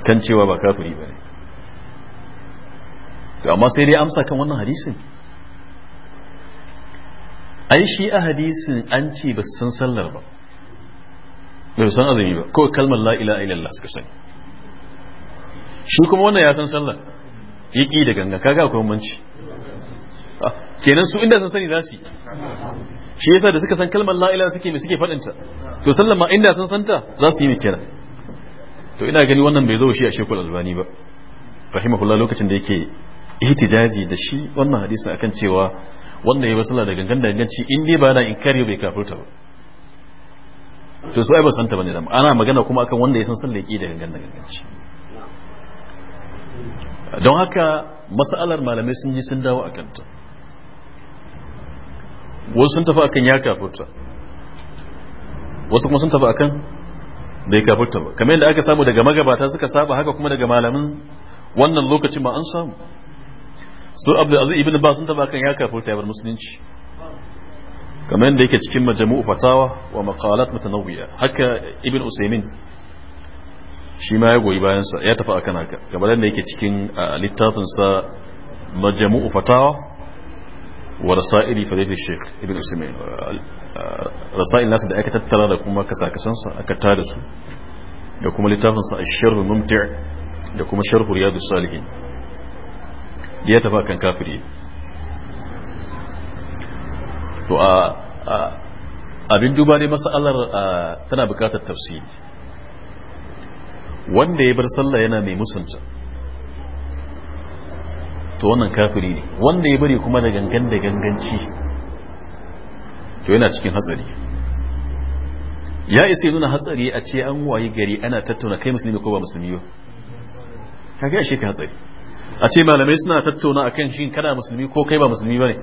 kan cewa ba kafiri ba ne amma sai dai amsa kan wannan hadisin ai shi a hadisin an ce ba su san sallar ba ba su san azumi ba kawai kalmar la ila illallah suka sani shi kuma wannan ya san sallar yaki da ganga kaga akwai bambanci kenan su inda sun sani za su yi shi yasa da suka san kalmar la'ila suke mai suke faɗinta to sallama inda sun santa za su yi mai kira to ina gani wannan bai zo shi a shekul albani ba rahimahullah lokacin da yake ihtijaji da shi wannan hadisi akan cewa wannan ya basala da gangan da in dai ba na inkari bai kafurta ba to su ai ba santa bane da ana magana kuma akan wanda ya san sallah yake da gangan da ganganci. don haka masalar malamai sun yi sun dawo a kanta wasu sun tafi akan ya kafurta wasu kuma sun tafi akan bai kafurta ba kamar yadda aka samu daga magabata suka saba haka kuma daga malamin wannan lokacin ba an samu su abu azu ibn ba sun tafi akan ya kafurta ya bar musulunci kamar yadda yake cikin majmu'u fatawa wa maqalat mutanawwiya haka ibn usaimin shi ma ya goyi bayansa ya tafi akan haka kamar da yake cikin littafinsa majamu'u fatawa wa rasa'ili fadilati sheikh ibn usman rasa'il nasu da aka tattara da kuma kasakasansa aka tada su da kuma littafinsa ash-sharh mumti' da kuma sharh riyadus salihin ya tafi akan kafiri to a abin duba ne masalar tana bukatar tafsiri wanda ya bar sallah yana mai musunta to wannan kafiri ne wanda ya bari kuma da gangan da ganganci to yana cikin hatsari ya isa nuna hatsari a ce an wayi gari ana tattauna kai musulmi ko ba musulmi ba kaga ashe ka hatsari a ce malamai suna tattauna akan shin kana musulmi ko kai ba musulmi bane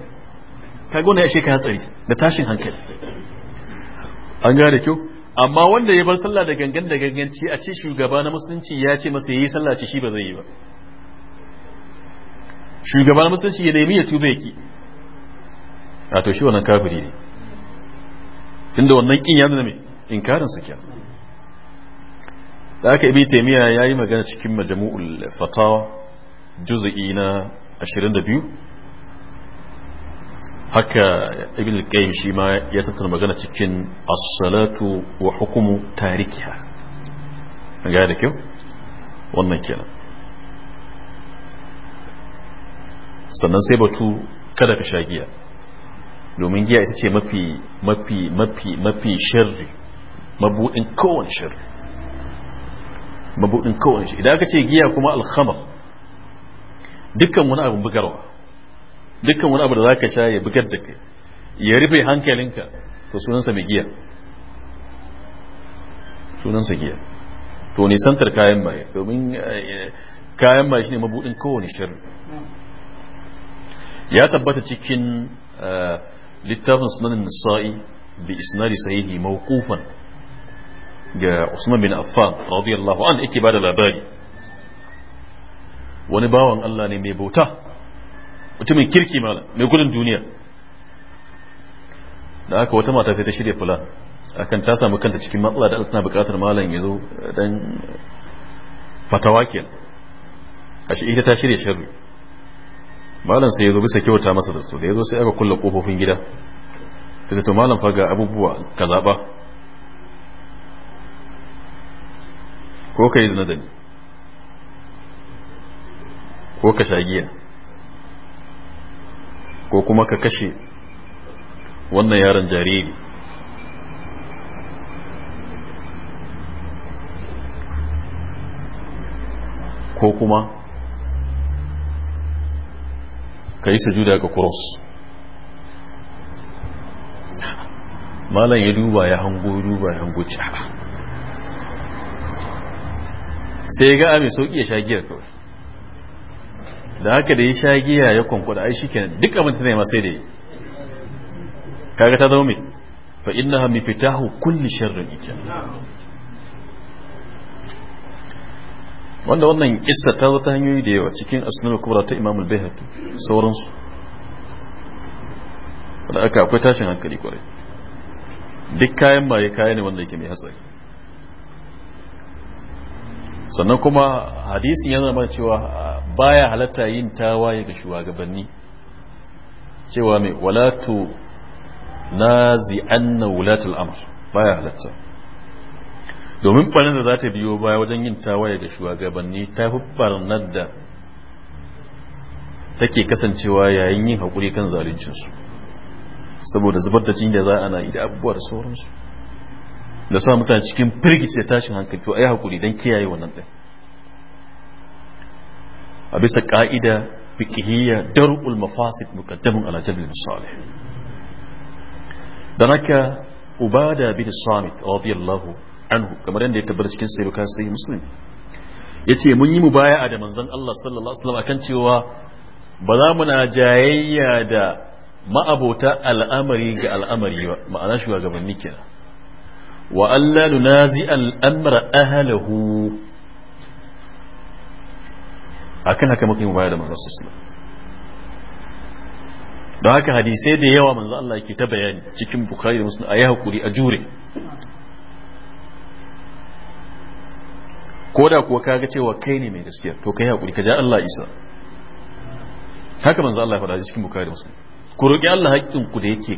kaga wannan ya ka hatsari da tashin hankali an gane kyau amma wanda ya bar sallah da gangan da ganganci a ce shugaba na musulunci ya ce masa yi sallah ce shi ba zai yi ba shugaba na musulunci ya nemi ya tuba yake a to shi wannan kafiri ne tunda wannan kin ya nuna mai inkarin su kyan da aka ibi taimiya ya yi magana cikin majamu'ul fatawa juzu'i na 22 haka ibn al-qayyim shi ma ya tattauna magana cikin as-salatu wa hukumu tarikiha ga da kyau wannan kenan sannan sai batu kada ka sha giya domin giya ita ce mafi mafi mafi mafi sharri mabudin kowane sharri mabudin kowane sharri idan aka ce giya kuma alhamar dukkan wani abin bugarwa dukkan wani abu da zaka sha ya bugar da kai ya rufe hankalinka to sunansa mai giya sunansa giya to nisantar kayan maye domin eh, kayan maye shine mabudin kowane shirin. ya tabbata cikin eh, littafin sunanin nisa'i bi isnadi sahihi mawqufan ga Usman bin Affan radiyallahu an yake bada labari wani bawan Allah ne mai bauta mutumin kirki mana mai gudun duniya da aka wata mata sai ta shirya fulan akan ta samu kanta cikin matsala da Allah tana buƙatar malam ya zo dan fatawa a ashe ita ta shirya sharri malam sai ya zo bisa kyauta masa da su da ya zo sai aka kulle kofofin gida daga ta malam fa ga abubuwa ka zaɓa ko ka yi zina da ni ko ka sha giya ko kuma ka kashe wannan yaron jariri ko kuma ka yi sajuda ga kuros malam ya duba ya hango duba ya hango ci sai ga mai sauki ya sha giyar kawai da haka da ya sha giya ya kwankwada ai shikenan duk abin da zai da yi kaga ta zama mai fa innaha miftahu kulli sharrin ita wanda wannan kissa ta zo ta hanyoyi da yawa cikin asnul kubra ta imamul al-bayhaqi sauransu wanda aka akwai tashin hankali kwarai duk kayan maye kaya ne wanda yake mai hatsari sannan kuma hadisin yana mana cewa baya halatta yin tawaye ga shugabanni cewa mai walatu na zi'anna wulatul amr baya halatta domin ɓarnar da za ta biyo baya wajen yin tawaye ga shugabanni ta fi da take kasancewa yayin yin haƙuri kan zaluncinsu saboda zubar da cin da za a na ida sauransu da sa mutane cikin firgice da tashin hankali to a yi haƙuri don kiyaye wannan ɗin a bisa ka'ida fiqhiyya dar'ul mafasid muqaddamun ala jalbil masalih dan haka ubada bin samit radiyallahu anhu kamar yadda ya tabbata cikin sai bukhari sahih muslim yace mun yi mubaya'a da manzon Allah sallallahu alaihi wasallam akan cewa ba za mu na jayayya da ma'abota al'amari ga al'amari ba ma'ana shugabanni kenan wa alla nunazi al'amra ahlahu akan haka muka yi mubaya da manzon sallallahu don haka hadisai da yawa manzo Allah yake ta bayani cikin bukhari da a yi haƙuri a jure ko da kuwa kaga cewa kai ne mai gaskiya to kai haƙuri ka ja Allah isa haka manzo Allah ya faɗa cikin bukhari da muslim ku roƙi Allah haƙƙin ku da yake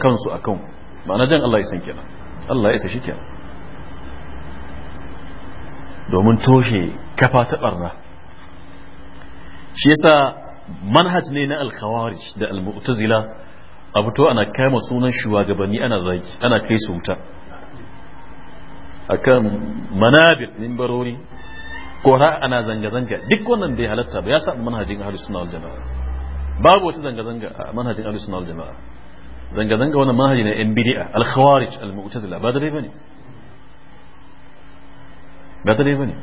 kansu a akan ma'ana jan Allah isan kenan Allah ya isa shi kenan domin toshe kafa ta barna shi yasa manhaj ne na alkhawarij da almu'tazila a fito ana kama sunan shugabanni ana zaki ana kai su wuta akan manabir mimbarori kora ana zanga-zanga duk wannan bai halatta ba ya sa manhajin ahlus sunna wal jama'a babu wata zanga-zanga a manhajin ahlus sunna wal jama'a zanga-zanga wannan manhaji ne yan bid'a al khawarij al mu'tazila ba da bane ba da dai bane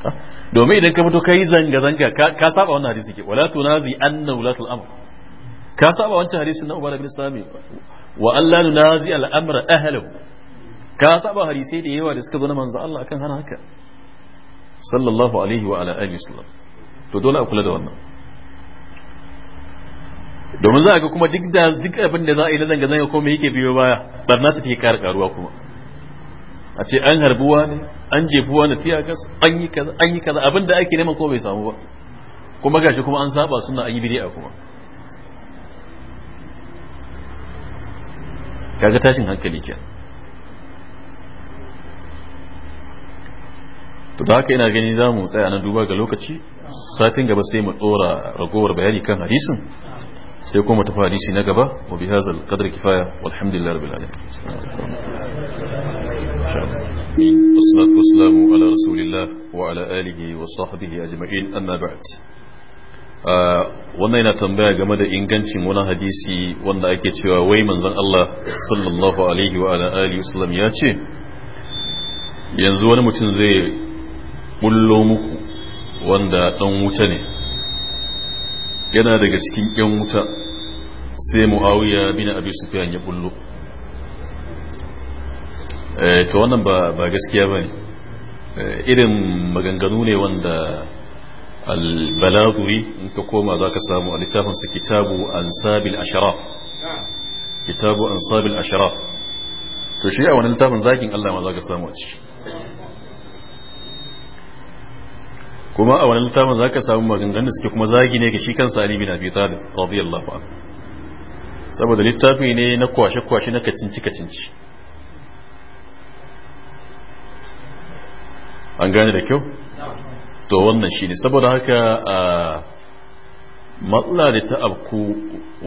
domin idan ka fito kai zanga zanga ka saba wannan hadisi ke wala tunazi anna wulatul amr ka saba wancan hadisin na ubada bin sami wa alla nunazi al amr ahlu ka saba hadisai da yawa da suka zo na manzo Allah akan hana haka sallallahu alaihi wa ala alihi sallam to dole a kula da wannan domin za a ga kuma duk da duk abin da za a yi na zanga zanga ko me yake biyo baya barna ta take kar karuwa kuma a ce an harbuwa ne an jefuwa ne tiyakas an yi kaza an yi kaza abinda ake neman ko bai samu ba kuma gashi kuma an saba suna an yi bidi'a kuma kaga tashin hankali ke to da haka ina gani za mu tsaya na duba ga lokaci satin gaba sai mu dora ragowar bayani kan hadisin sai kuma tafi hadisi na gaba wa bi hazal qadar kifaya walhamdulillah rabbil alamin wassalatu wassalamu ala rasulillah wa ala alihi wa sahbihi ajma'in amma ba'd ah, wannan yana tambaya game da ingancin wani hadisi wanda ake cewa wai manzon Allah sallallahu alaihi wa ala alihi wasallam ya ce yanzu wani mutum zai bullo muku wanda dan wuta ne yana daga cikin 'yan wuta sai muawiya bin abi sufyan ya bullo eh, to wannan ba ba gaskiya bane eh, irin maganganu ne wanda al-balaguri in ka koma zaka samu a littafin sa kitabu ansabil asharaf kitabu ansabil asharaf to shi a wannan littafin zakin Allah ma zaka samu a ciki kuma a wannan littafin zaka samu maganganun da suke kuma zagi ne ga shi kansa Ali bin Abi Talib radiyallahu anhu saboda littafi ne na kwashe-kwashe na kacinci-kacinci an gane da kyau to wannan shi ne saboda haka a matsala da ta abku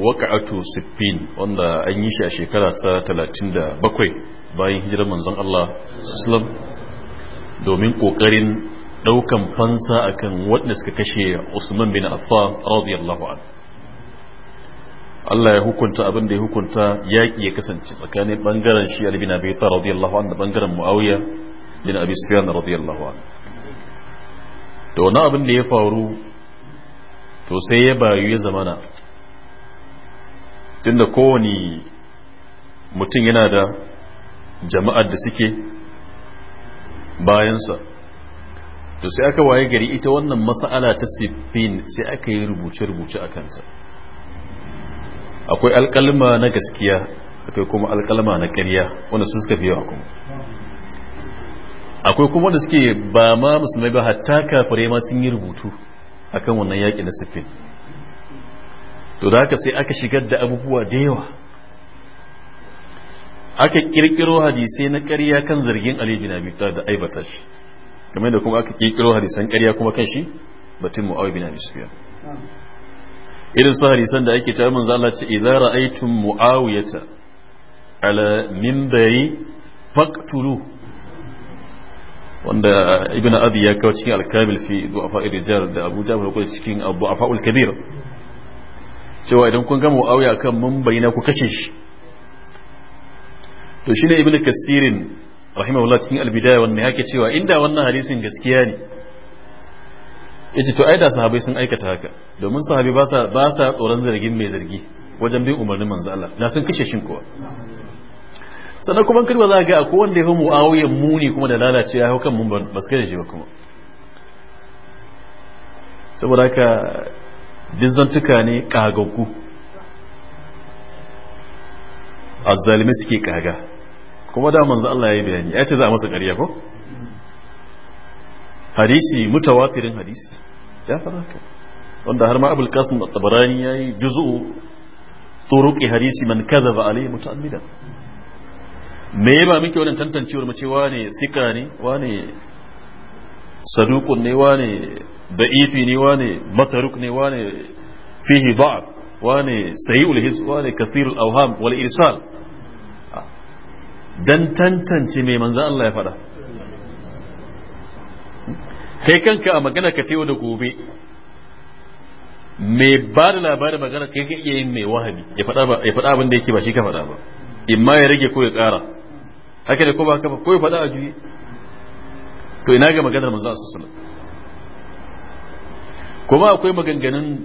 waka'atu siffin wanda an yi shi a shekara ta talatin da bakwai bayan hijirar manzon Allah islam domin kokarin daukan fansa akan waɗanda suka kashe Usman bin Affan radiyallahu anhu Allah ya hukunta abin da ya hukunta yaƙi ya kasance tsakanin bangaren shi Ali bin Abi Talib radiyallahu anhu da bangaren Muawiya bin Abi Sufyan radiyallahu anhu to wani abin da ya faru to sai ya bayu ya zamana tunda kowane mutum yana da jama'ar da suke bayansa to sai aka waye gari ita wannan mas'ala ta siffin sai aka yi rubuce-rubuce a kansa akwai alkalma na gaskiya akwai kuma alkalma na ƙarya wanda sun suka fi yawa kuma akwai kuma wanda suke ba ma musulmai ba hatta kafare ma sun yi rubutu akan wannan yaƙi na siffin to da haka sai aka shigar da abubuwa da yawa aka kirkiro hadisai na ƙarya kan zargin Ali bin Abi da aibata shi da kuma aka kirkiro hadisan ƙarya kuma kan shi batun Muawiya bin Abi irin su harisan da ake cewa manzo Allah ce idza ra'aytum muawiyata ala minbari faqtulu wanda ibnu abi ya kawo cikin al-kamil fi du'afa rijal da abu jabir ko cikin abu afa'ul kabir cewa idan kun ga muawiya kan minbari na ku kashe shi to shine ibnu kasirin rahimahullah cikin al-bidaya wannan yake cewa inda wannan hadisin gaskiya ne yace to ai da sahabbai sun aikata haka domin sahabi ba sa ba sa tsoron zargin mai zargi wajen bin umarnin manzo Allah na sun kashe shin kowa sannan kuma kirba za ga akwai wanda ya fi mu'awiyar muni kuma da lalace ya hau kan mun ba su kai shi ba kuma saboda haka dizzantuka ne kagaggu azzalimi suke kaga kuma da manzo Allah ya yi bayani ya ce za a masa ƙarya ko hadisi mutawatirin hadisi ya fara haka wanda har ma abul qasim at-tabarani yayi juz'u turuqi hadisi man kadhaba alayhi muta'ammidan me ya ba miki wannan tantancewar mace wane thika ne wane saduqun ne wane da'ifi ne wane mataruk ne wane fihi da'af wane sayyul his wane al awham wal irsal dan tantance me manzo Allah ya faɗa kai kanka a magana ka ta da gobe mai ba da labarin magana kai ka iya yin mai wahabi ya faɗa abin da yake ba shi ka faɗa ba imma ya rage ko ya ƙara haka da ko ba kafa ko ya faɗa a juyi to ina ga maganar manzo a sassanin kuma akwai maganganun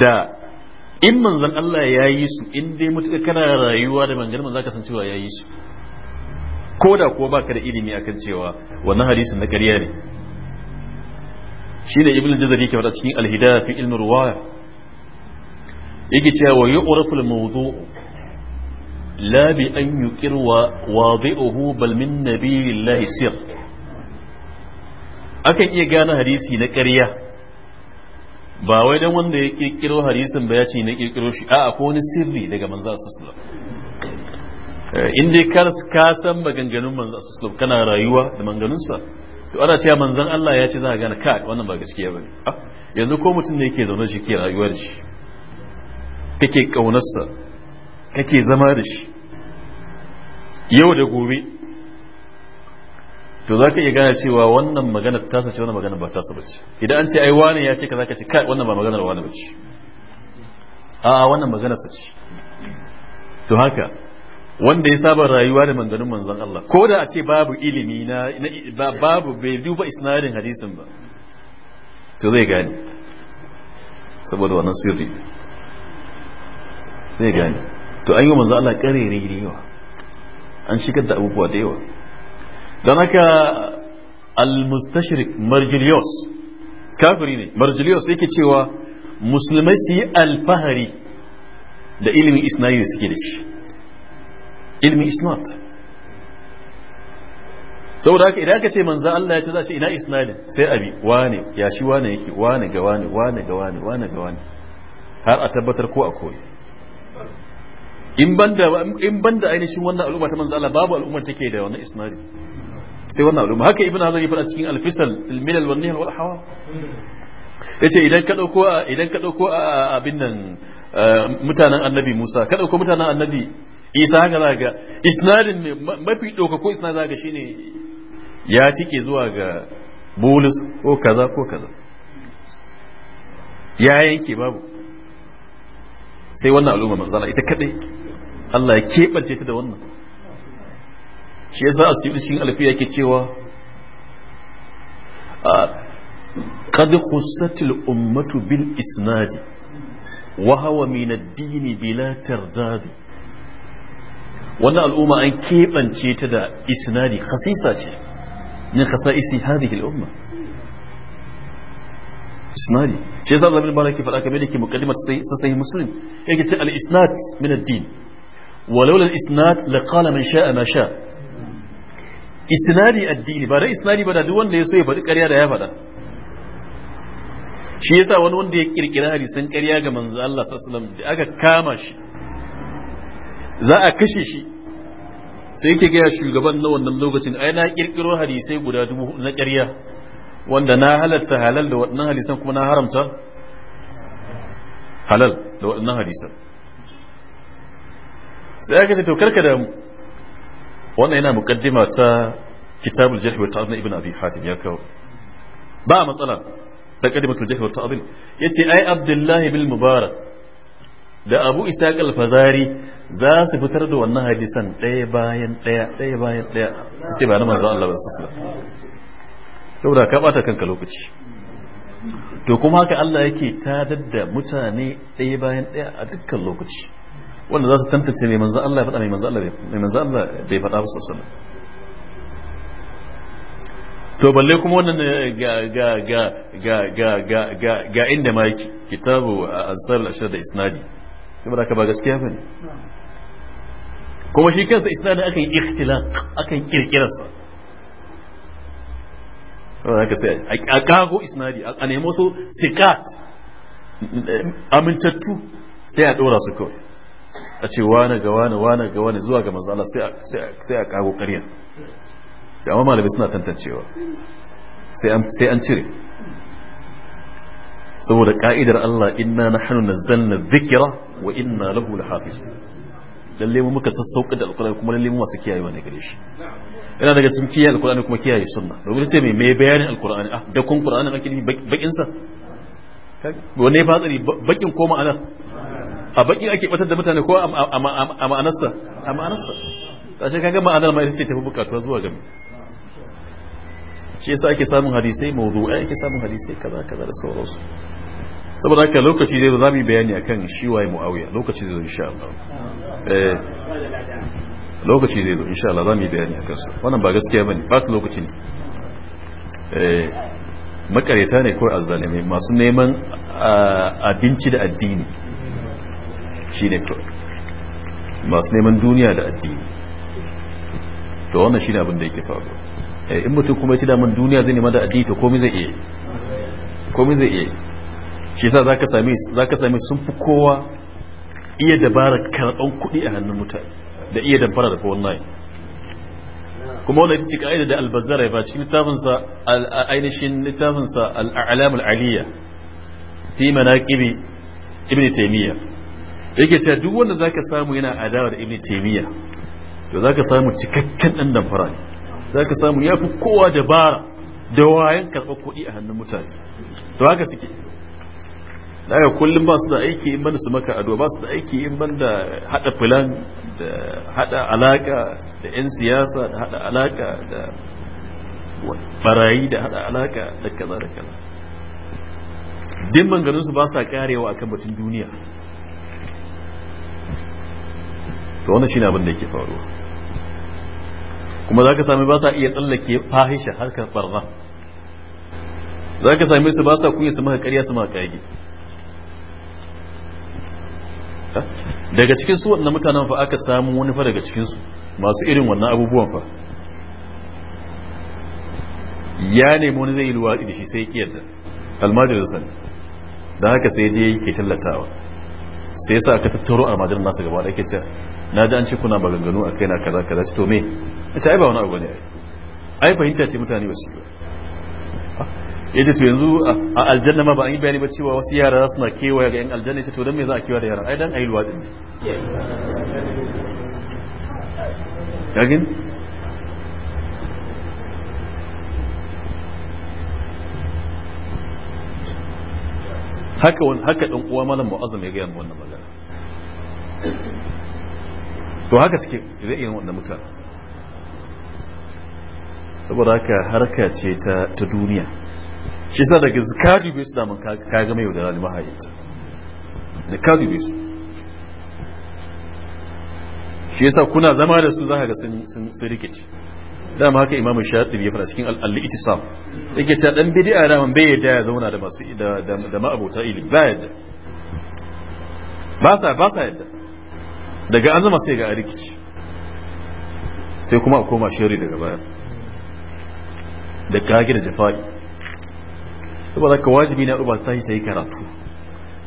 da in manzon Allah ya yi su in dai mutuka kana rayuwa da maganganun manzo ka san cewa ya yi su ko da ko baka da ilimi akan cewa wannan hadisin na ƙarya ne shi da jazari ke faɗa cikin alhidaya fi ilmi ruwaya yake cewa yu'rafu al-mawdu la bi an yuqirwa wadi'uhu bal min nabiyillahi sir akan iya gane hadisi na ƙarya ba wai dan wanda ya kirkiro hadisin ba ya ce na kirkiro shi a'a ko wani sirri daga manzo sallallahu alaihi wasallam Eh, in dai ka san maganganun manzon sallallahu kana rayuwa da sa to ana cewa manzon Allah ya ce za ka gane ka wannan ba gaskiya bane ah, yanzu ko mutum ne yake zaune shi ke rayuwa da shi kake kaunarsa kake zama da shi yau da gobe to za ka iya gane cewa wannan magana sa ce wannan magana ba tasa ba ce idan an ce ai wani ya ce ka za ka ce kai wannan ba maganar wani ba ce a wannan maganarsa ce to haka wanda ya saba rayuwa da manganin manzon Allah ko da a ce babu ilimi na babu bai duba isnadin hadisin ba to zai gane saboda wannan sirri zai gane to an yi manzon Allah karere da yawa an shigar da abubuwa da yawa don haka al-mustashrik marjiliyos kafiri ne marjiliyos yake cewa musulmai su yi alfahari da ilimin isnadi da suke da shi ilmi isnad saboda haka idan ka ce manzan Allah ya ce za shi ina isnadin sai abi wane ya shi wane yake wane ga wane wane ga wane wane ga wane har a tabbatar ko a koyi in banda in banda ainihin wannan al'umma ta manzo Allah babu al'ummar take da wannan isnadi sai wannan al'umma haka ibnu hazmi fara cikin al-fisal al-milal wan nihal wal hawa yace idan ka dauko idan ka dauko abin nan eh, mutanen annabi Musa ka dauko mutanen annabi isa haka za ga isnadin ne mafi ɗaukako isnadin za ga ne. ya cike zuwa ga bulus ko kaza ko kaza ya yanke babu sai wannan al'umma manzana ita kadai Allah ya keɓance ta da wannan shi yasa a cikin alfiya yake cewa قد خصت الأمة بالإسناد وهو من الدين بلا ترداد wannan al'umma an keɓance ta da isnadi khasisa ce min khasa'isi hadhihi al'umma isnadi shi yasa zamin bala ke faɗa kamar da ke muqaddimat sai muslim yake ce al-isnad min ad-din ولولا الاسناد لقال من شاء ما sha. isnadi addini ba da isnadi ba da duk wanda ya so ya faɗi ƙarya da ya faɗa shi yasa wani wanda ya kirkira hadisan ƙarya ga manzo Allah sallallahu alaihi wasallam da aka kama shi za a kashe shi sai yake gaya shugaban na wannan lokacin ai na kirkiro hadisai guda dubu na ƙarya wanda na halatta halal da waɗannan hadisan kuma na haramta halal da waɗannan hadisan sai aka ce to karka da wannan yana muqaddima ta kitabul jarh wa ta'dil ibn abi hatim ya kawo ba matsala ta kadimatul jarh wa ta'dil yace ai abdullahi bil mubarak da abu isa alfazari za su fitar da wannan hadisan ɗaya bayan ɗaya ɗaya bayan ɗaya su ce ba na manzo Allah ba su saboda ka bata kanka lokaci to kuma haka Allah yake tadar da mutane ɗaya bayan ɗaya a dukkan lokaci wanda za su tantance mai manzo Allah ya faɗa mai manzo Allah mai manzo Allah bai faɗa ba sallallahu to balle kuma wannan eh, ga ga ga ga ga ga ga inda ma yake kitabu eh, ansar al-ashar da isnadi saboda ka ba gaskiya bane kuma shi kansa isnadin akan ikhtilaf akan kirkirarsa saboda ka sai a kago isnadi a nemo su sikat amintattu sai a dora su kawai a ce wane ga wane wane ga wane zuwa ga manzo sai a kago ƙarya da amma malamai suna tantancewa sai an cire saboda ka'idar Allah inna nahnu nazzalna dhikra wa inna lahu lahafiz lalle mu muka sassauka da alqur'ani kuma lalle mu masu kiyayewa ne gare shi ina daga cikin kiyaye alqur'ani kuma kiyaye sunna domin ce me mai bayanin alqur'ani ah da kun qur'anin ake bakin sa wanne ya fatsari bakin ko ma'anar a bakin ake batar da mutane ko a ma'anarsa a ma'anarsa ta shi kaga ma'anar ma ita ce tafi bukatuwa zuwa ga shi yasa ake samun hadisai mawdu'ai ake samun hadisai kaza kaza da sauransu saboda haka lokaci zai zo za mu bayani akan shi waye muawiya lokaci zai zo insha Allah eh lokaci zai zo insha Allah za mu bayani akan su wannan ba gaskiya bane ba ta lokacin eh makareta ne ko azzalime masu neman ah, abinci da addini shine to masu neman duniya da addini to wannan shine abin da yake faruwa Eh, in mutum kuma ya ci daman duniya zai nema da addini to komai zai iya komai zai iya shi yasa zaka za ka sami sun fi kowa iya dabara karɓan kuɗi a hannun mutane da iya dabara da kowanne kuma wani ita ka'ida da albazara ba cikin littafinsa ainihin littafinsa al'alam al'aliyya fi mana manaqibi ibn taymiya yake cewa duk wanda ka samu yana adawa da ibn taymiya to za ka samu cikakken ɗan damfara ne za ka samu ya fi kowa dabara da wayan karɓar kuɗi a hannun mutane to haka suke daga kullum ba su da aiki in banda su maka ado ba su da aiki in banda hada filan da hada alaka da 'yan siyasa da hada alaka da barayi da hada alaka da kaza da kaza din manganin su ba sa karewa akan batun duniya to wannan shine abin da yake faruwa kuma za ka sami ba sa iya tsallake fahisha harkar barna za ka sami su ba sa kunya su maka ƙarya su maka kage daga cikin su waɗanda mutanen fa aka samu wani fa daga cikinsu masu irin wannan abubuwan fa ya nemi wani zai yi luwaɗi da shi sai ya yadda almajirinsa sani. da haka sai je yake tallatawa sai sa aka tattaro almajirin nasa gaba da ake cewa na ji an ce kuna maganganu a kai na kaza kaza ce to me ce ai ba wani abu ne ai ai fahimta ce mutane ba su yi ya ce to yanzu a aljanna ma ba an yi bayani ba cewa wasu yara za su na kewaya ga yan aljanna ce to don me za a kewa da yara ai dan ayi luwatsin ne yagin haka haka dan uwa malam mu'azzam ya ga yan wannan magana to haka suke ire-iren wanda mutane saboda haka harka ce ta duniya shi sa daga zikadu bai su daman kaga mai yaudara da mahayinta zikadu bai su shi yasa kuna zama da su za ga sun rikici dama haka imam shafi ya fara cikin al-ittisaf yake ta dan bid'a da man bai yadda ya zauna da masu da da ma'abota ilimi ba yadda ba sa ba sa yadda daga azama sai ga rikici sai kuma a koma shari daga baya da kage da jafari ba za ka wajibi na rubar ta yi ta yi karatu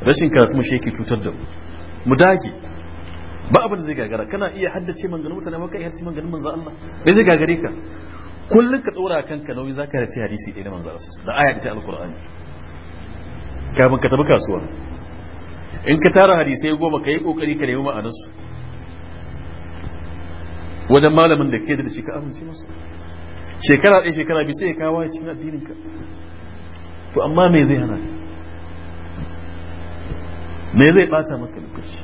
rashin karatu mu sheki cutar da mu mu dage ba abin da zai gagara kana iya haddace manganin mutane ba ka iya haddace manganin manzo Allah bai zai gagare ka kullum ka tsora kanka nauyi za ka race hadisi ɗaya na manzo Allah da aya ta alqur'ani kafin ka tafi kasuwa in ka tara hadisai goma ka yi kokari ka nemi ma'anarsu wajen malamin da ke da shi ka amince masa shekara ɗaya shekara biyu sai ya kawo ya cikin addinin ka to amma me zai hana me zai bata maka lokaci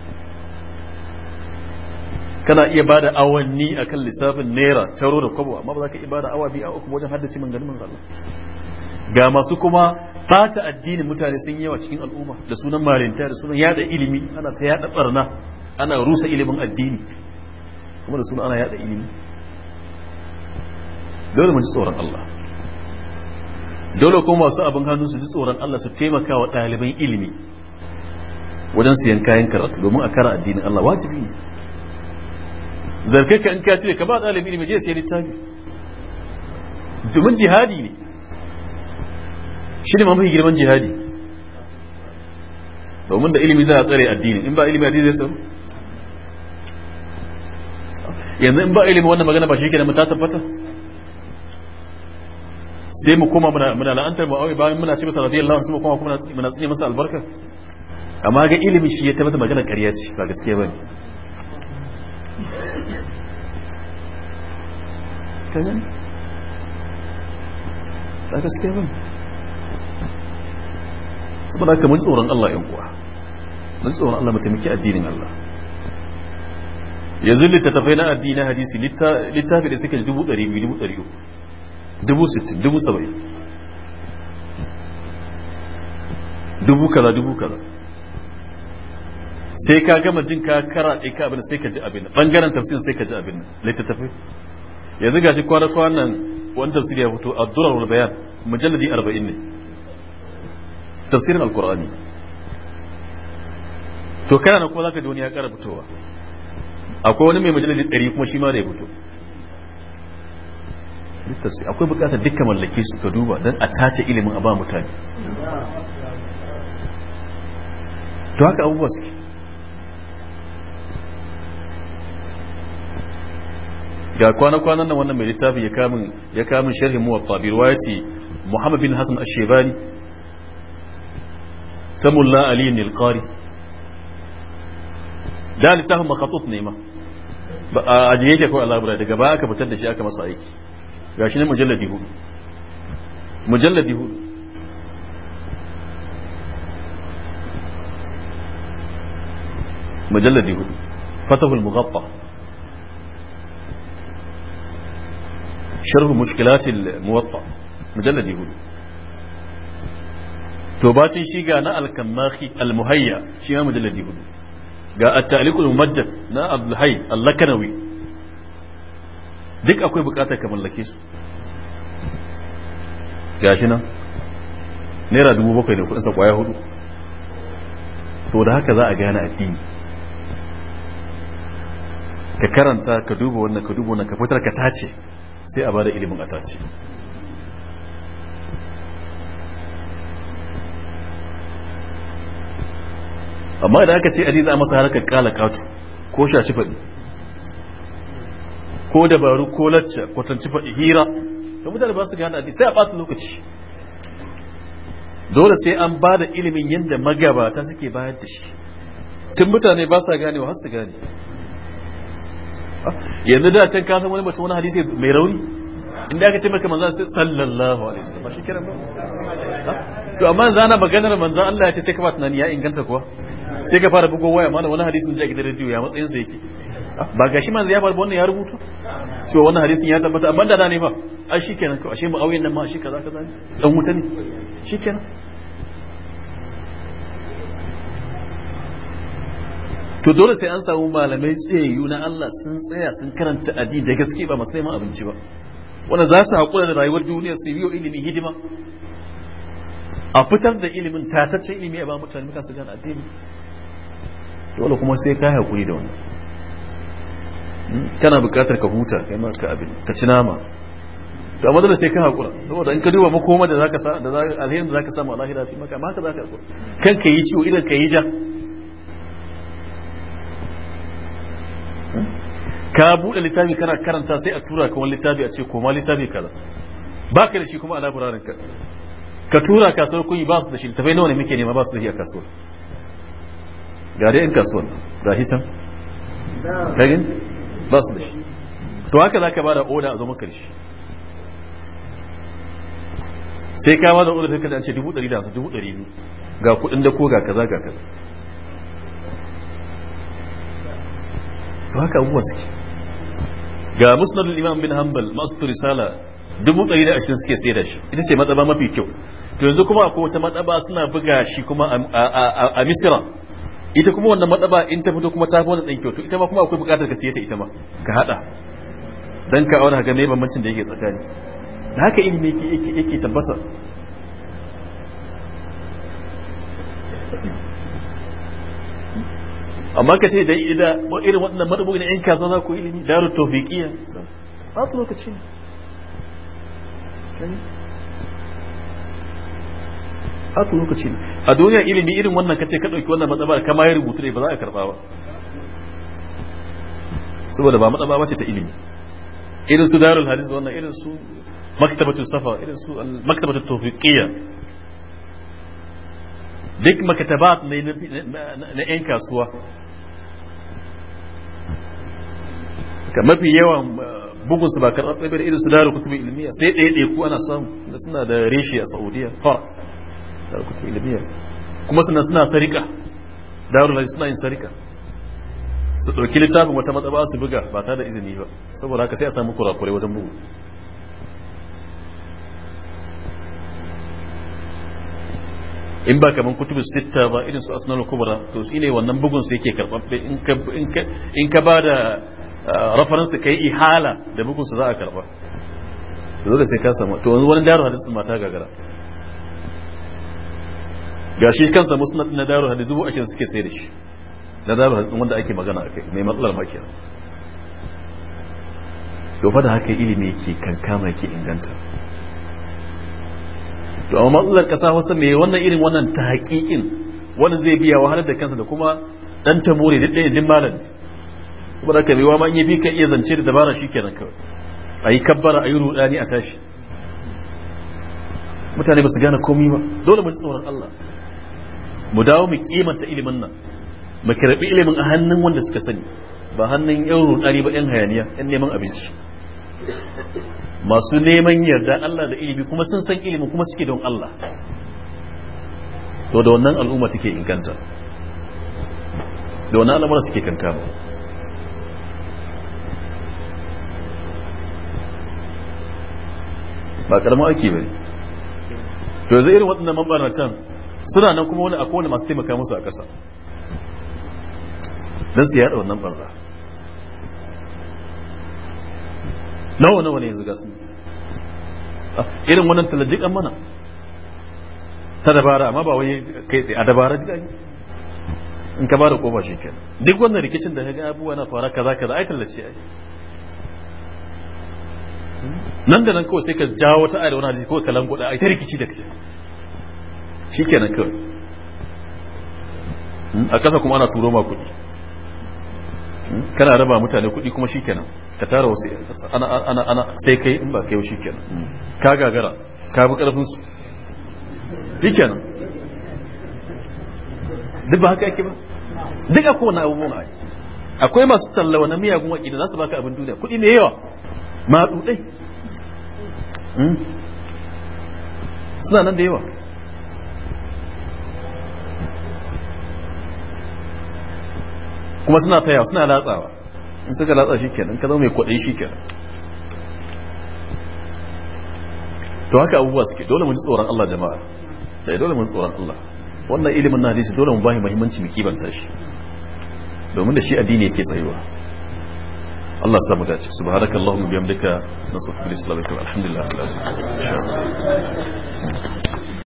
kana iya ba da awanni akan lissafin naira taro da kwabo amma ba za ka iya bada awa biyu a uku wajen haddace man ganin manzan ga masu kuma fata addinin mutane sun yi yawa cikin al'umma da sunan marinta da sunan yada ilimi ana ta yada barna ana rusa ilimin addini kuma da suna ana yada ilimi dole mun ji tsoron Allah dole kuma masu abin hannu su ji tsoron Allah su taimaka wa ɗaliban ilimi wajen siyan kayan karatu domin a kara addinin Allah wajibi ne zarkai ka in ka cire ka ba ɗalibi ilimi je siya littafi domin jihadi ne shi ne mafi girman jihadi domin da ilimi za a tsare addini in ba ilimi addini zai tsaro yanzu in ba ilimi wannan magana ba shi mu ta tabbata sai mu koma muna la'antar mu'awiya bayan muna ce masa radiyallahu anhu kuma kuma muna tsine masa albarka amma ga ilimi shi ya tabbata magana ƙarya ce ba gaskiya bane kagan ba gaskiya bane saboda haka mun tsoron Allah yan uwa mun tsoron Allah mu taimaki addinin Allah yanzu littattafai na addini na hadisi littafi da suke dubu ɗari biyu dubu ɗari dubu sittin dubu saba'in dubu kaza dubu kaza sai ka gama jin ka kara ɗai ka abin sai ka ji abin bangaren tafsirin sai ka ji abin littattafai yanzu gashi kwana-kwanan wani tafsir ya fito a durar bayan mujalladi arba'in ne tafsirin alkur'ani to kana na kuma zaka ji wani ya kara fitowa akwai wani mai majalisi ɗari kuma shi ma da ya fito akwai bukatar dukkan mallake su ka duba don a tace ilimin a ba mutane to haka abubuwa suke ga kwana-kwanan nan wannan mai littafin ya kamun sharhin muwatta bi ruwayati muhammad bin hassan ashebani ta mulla aliyu nilkari da littafin makhatuf ne ma a ajiye yake ko a labura daga baya aka fitar da shi aka masa aiki gashi ne mujalladi hudu mujalladi hudu mujalladi hudu fatahul mughatta sharh mushkilatil muwatta mujalladi hudu to bacin shi ga na alkamahi almuhayya shi ma mujalladi hudu ga at-ta'liqul mumajjad na Abdul Hayy al-Lakanawi duk akwai bukatar ka mallake su gashi nan naira dubu bakwai da kudin sa kwaya hudu to da haka za a gane addini ka karanta ka duba wannan ka duba wannan ka fitar ka tace sai a bada ilimin a tace amma idan aka ce adi za a masa harkar kala katu ko shaci faɗi ko dabaru ko lacca kwatanci faɗi hira da mutane ba su gane hadisi sai a ɓata lokaci dole sai an ba da ilimin yadda magabata suke bayar da shi tun mutane ba sa wa har su gane yanzu da can kasan wani mutum wani hadisi mai rauni inda aka ce maka manzo sai sallallahu alaihi wasallam shi kiran ba to amma zana maganar manzo Allah ya ce sai ka ba tunani ya inganta kuwa sai ka fara bugon waya mana wani hadisin da gidan rediyo ya matsayin sa yake ba gashi manzo ya farba wannan ya rubuta cewa wannan hadisin ya tabbata amma da ne fa shi kenan kawai shi muawiyan nan ma shi kaza kaza ne dan wuta ne kenan to dole sai an samu malamai tsayayyu na Allah sun tsaya sun karanta addini da gaske ba masu neman abinci ba wanda za su haƙura da rayuwar duniya su biyo ilimin hidima a fitar da ilimin tatacce ilimi a ba mutane muka su gane addini dole kuma sai ka haƙuri da wani hmm? kana buƙatar ka huta kai ma ka abin ka ci nama to amma dole sai ka haƙura saboda in ka duba makoma da zaka sa da alherin da za zaka samu a lahira fi maka maka zaka haƙura kan ka yi ciwo idan ka yi ja hmm? ka buɗe littafi kana karanta sai a tura ka wani littafi a ce koma littafi kaza ba ka da shi kuma a labirarin ka ka tura kasuwar kun yi ba su da shi littafai nawa ne muke nema ba su da shi a kasuwar gari in kasuwan ga can kagin ba su da shi to haka za ka ba da oda a zama karshe sai ka ba da oda sai ka dace dubu ɗari da su dubu ɗari biyu ga kuɗin da ko ga kaza ga kaza to haka abubuwa suke ga musnadul imam bin hanbal masu turisala dubu ɗari da ashirin suke sai da shi ita ce matsaba mafi kyau to yanzu kuma akwai wata matsaba suna buga shi kuma a misira ita kuma wannan madaba in ta fito kuma ta fi wannan ɗan kyoto to ita ma kuma akwai buƙatar ka siye ta ita ma ka haɗa don ka auna ga me bambancin da yake tsakani da haka ilimi yake yake tabbata amma ka ce da irin waɗannan maɗabogi na ƴan kasuwa za ku ilimi daru tofiƙiya ba su lokaci ne hatu lokaci ne a duniya ilimi irin wannan kace ka dauki wannan matsaba ka ma ya rubutu ne ba za ka karba ba saboda ba matsaba ba ce ta ilimi irin su darul hadis wannan irin su maktabatu safa irin su maktabatu tawfiqiyya duk makatabat ne na yan kasuwa ka mafi yawan eh, bugun su ba karɓar tsabirar irin su daru kutubin ilmiya sai ɗaya ɗaya ku ana samu da suna da reshe a saudiya far da kutu kuma suna suna sarika darul hadis suna yin sarika su ɗauki littafin wata ba su buga ba ta da izini ba saboda haka sai a samu kurakurai wajen bugu in ba kaman kutubu sitta ba irin su asnal kubra to shi ne wannan bugun su yake karbabbe in ka ba da reference kai ihala da bugun su za a karba dole sai ka samu to wani daru hadisin mata gagara Ga shi kansa musnad na daru hadisi dubu ashirin suke sai da shi na daru hadisi wanda ake magana akai mai matsalar ma kenan to fa da haka ilimi yake kankama yake inganta to amma matsalar kasa wasa mai wannan irin wannan ta haƙiƙin wanda zai biya wahalar da kansa da kuma dan tamore duk ɗaya din malam kuma da kamewa ma in yi bi ka iya zance da dabara shi kenan kawai a yi kabbara a yi rudani a tashi mutane ba su gane komi ba dole mu ji tsoron Allah mu dawo mu kimanta ilimin nan mu karbi ilimin a hannun wanda suka sani ba hannun yan rudari ba yan hayaniya yan neman abinci masu neman yarda Allah da ilimi kuma sun san ilimi kuma suke don Allah to da wannan al'umma take inganta da wannan al'amura suke kankama ba karamin aiki ba ne to zai irin waɗannan mabarnatan suna nan kuma wani a kowane masu taimaka musu a ƙasa don su yaɗa wannan barna nawa nawa ne yanzu gasu ah, irin wannan talajikan an mana ta dabara amma ba wai kai tsaye a dabara duk ne. in ka bada koma shi ke duk wannan rikicin da ga abubuwa na fara kaza kaza ai tallace ai hmm? nan da nan kawai sai ka jawo ta ayar wani hadisi ko ka a ai ta rikici da kai shi ke. kawai hmm, a ƙasa kuma ana turo ma kuɗi hmm, kana raba mutane kuɗi kuma shi kenan ka tara wasu ana sai kai in ba kai shi kenan hmm, ka gagara ka bi ƙarfin su shi kenan duk ba haka yake ba duk a kowane na ai akwai masu tallawa na miyagun waƙi da za su baka abin duniya kuɗi mai yawa ma dudai suna nan da yawa kuma suna taya suna latsawa in suka latsa shi kenan ka zama mai kwaɗayi shi kenan to haka abubuwa suke dole mu ji tsoron Allah jama'a da eh, dole mun tsoron Allah wannan ilimin na hadisi dole mun bashi muhimmanci mu kibanta shi domin da shi addini yake tsayuwa Allah samu dace subhanakallahumma bihamdika nasallu ala sayyidina alhamdulillah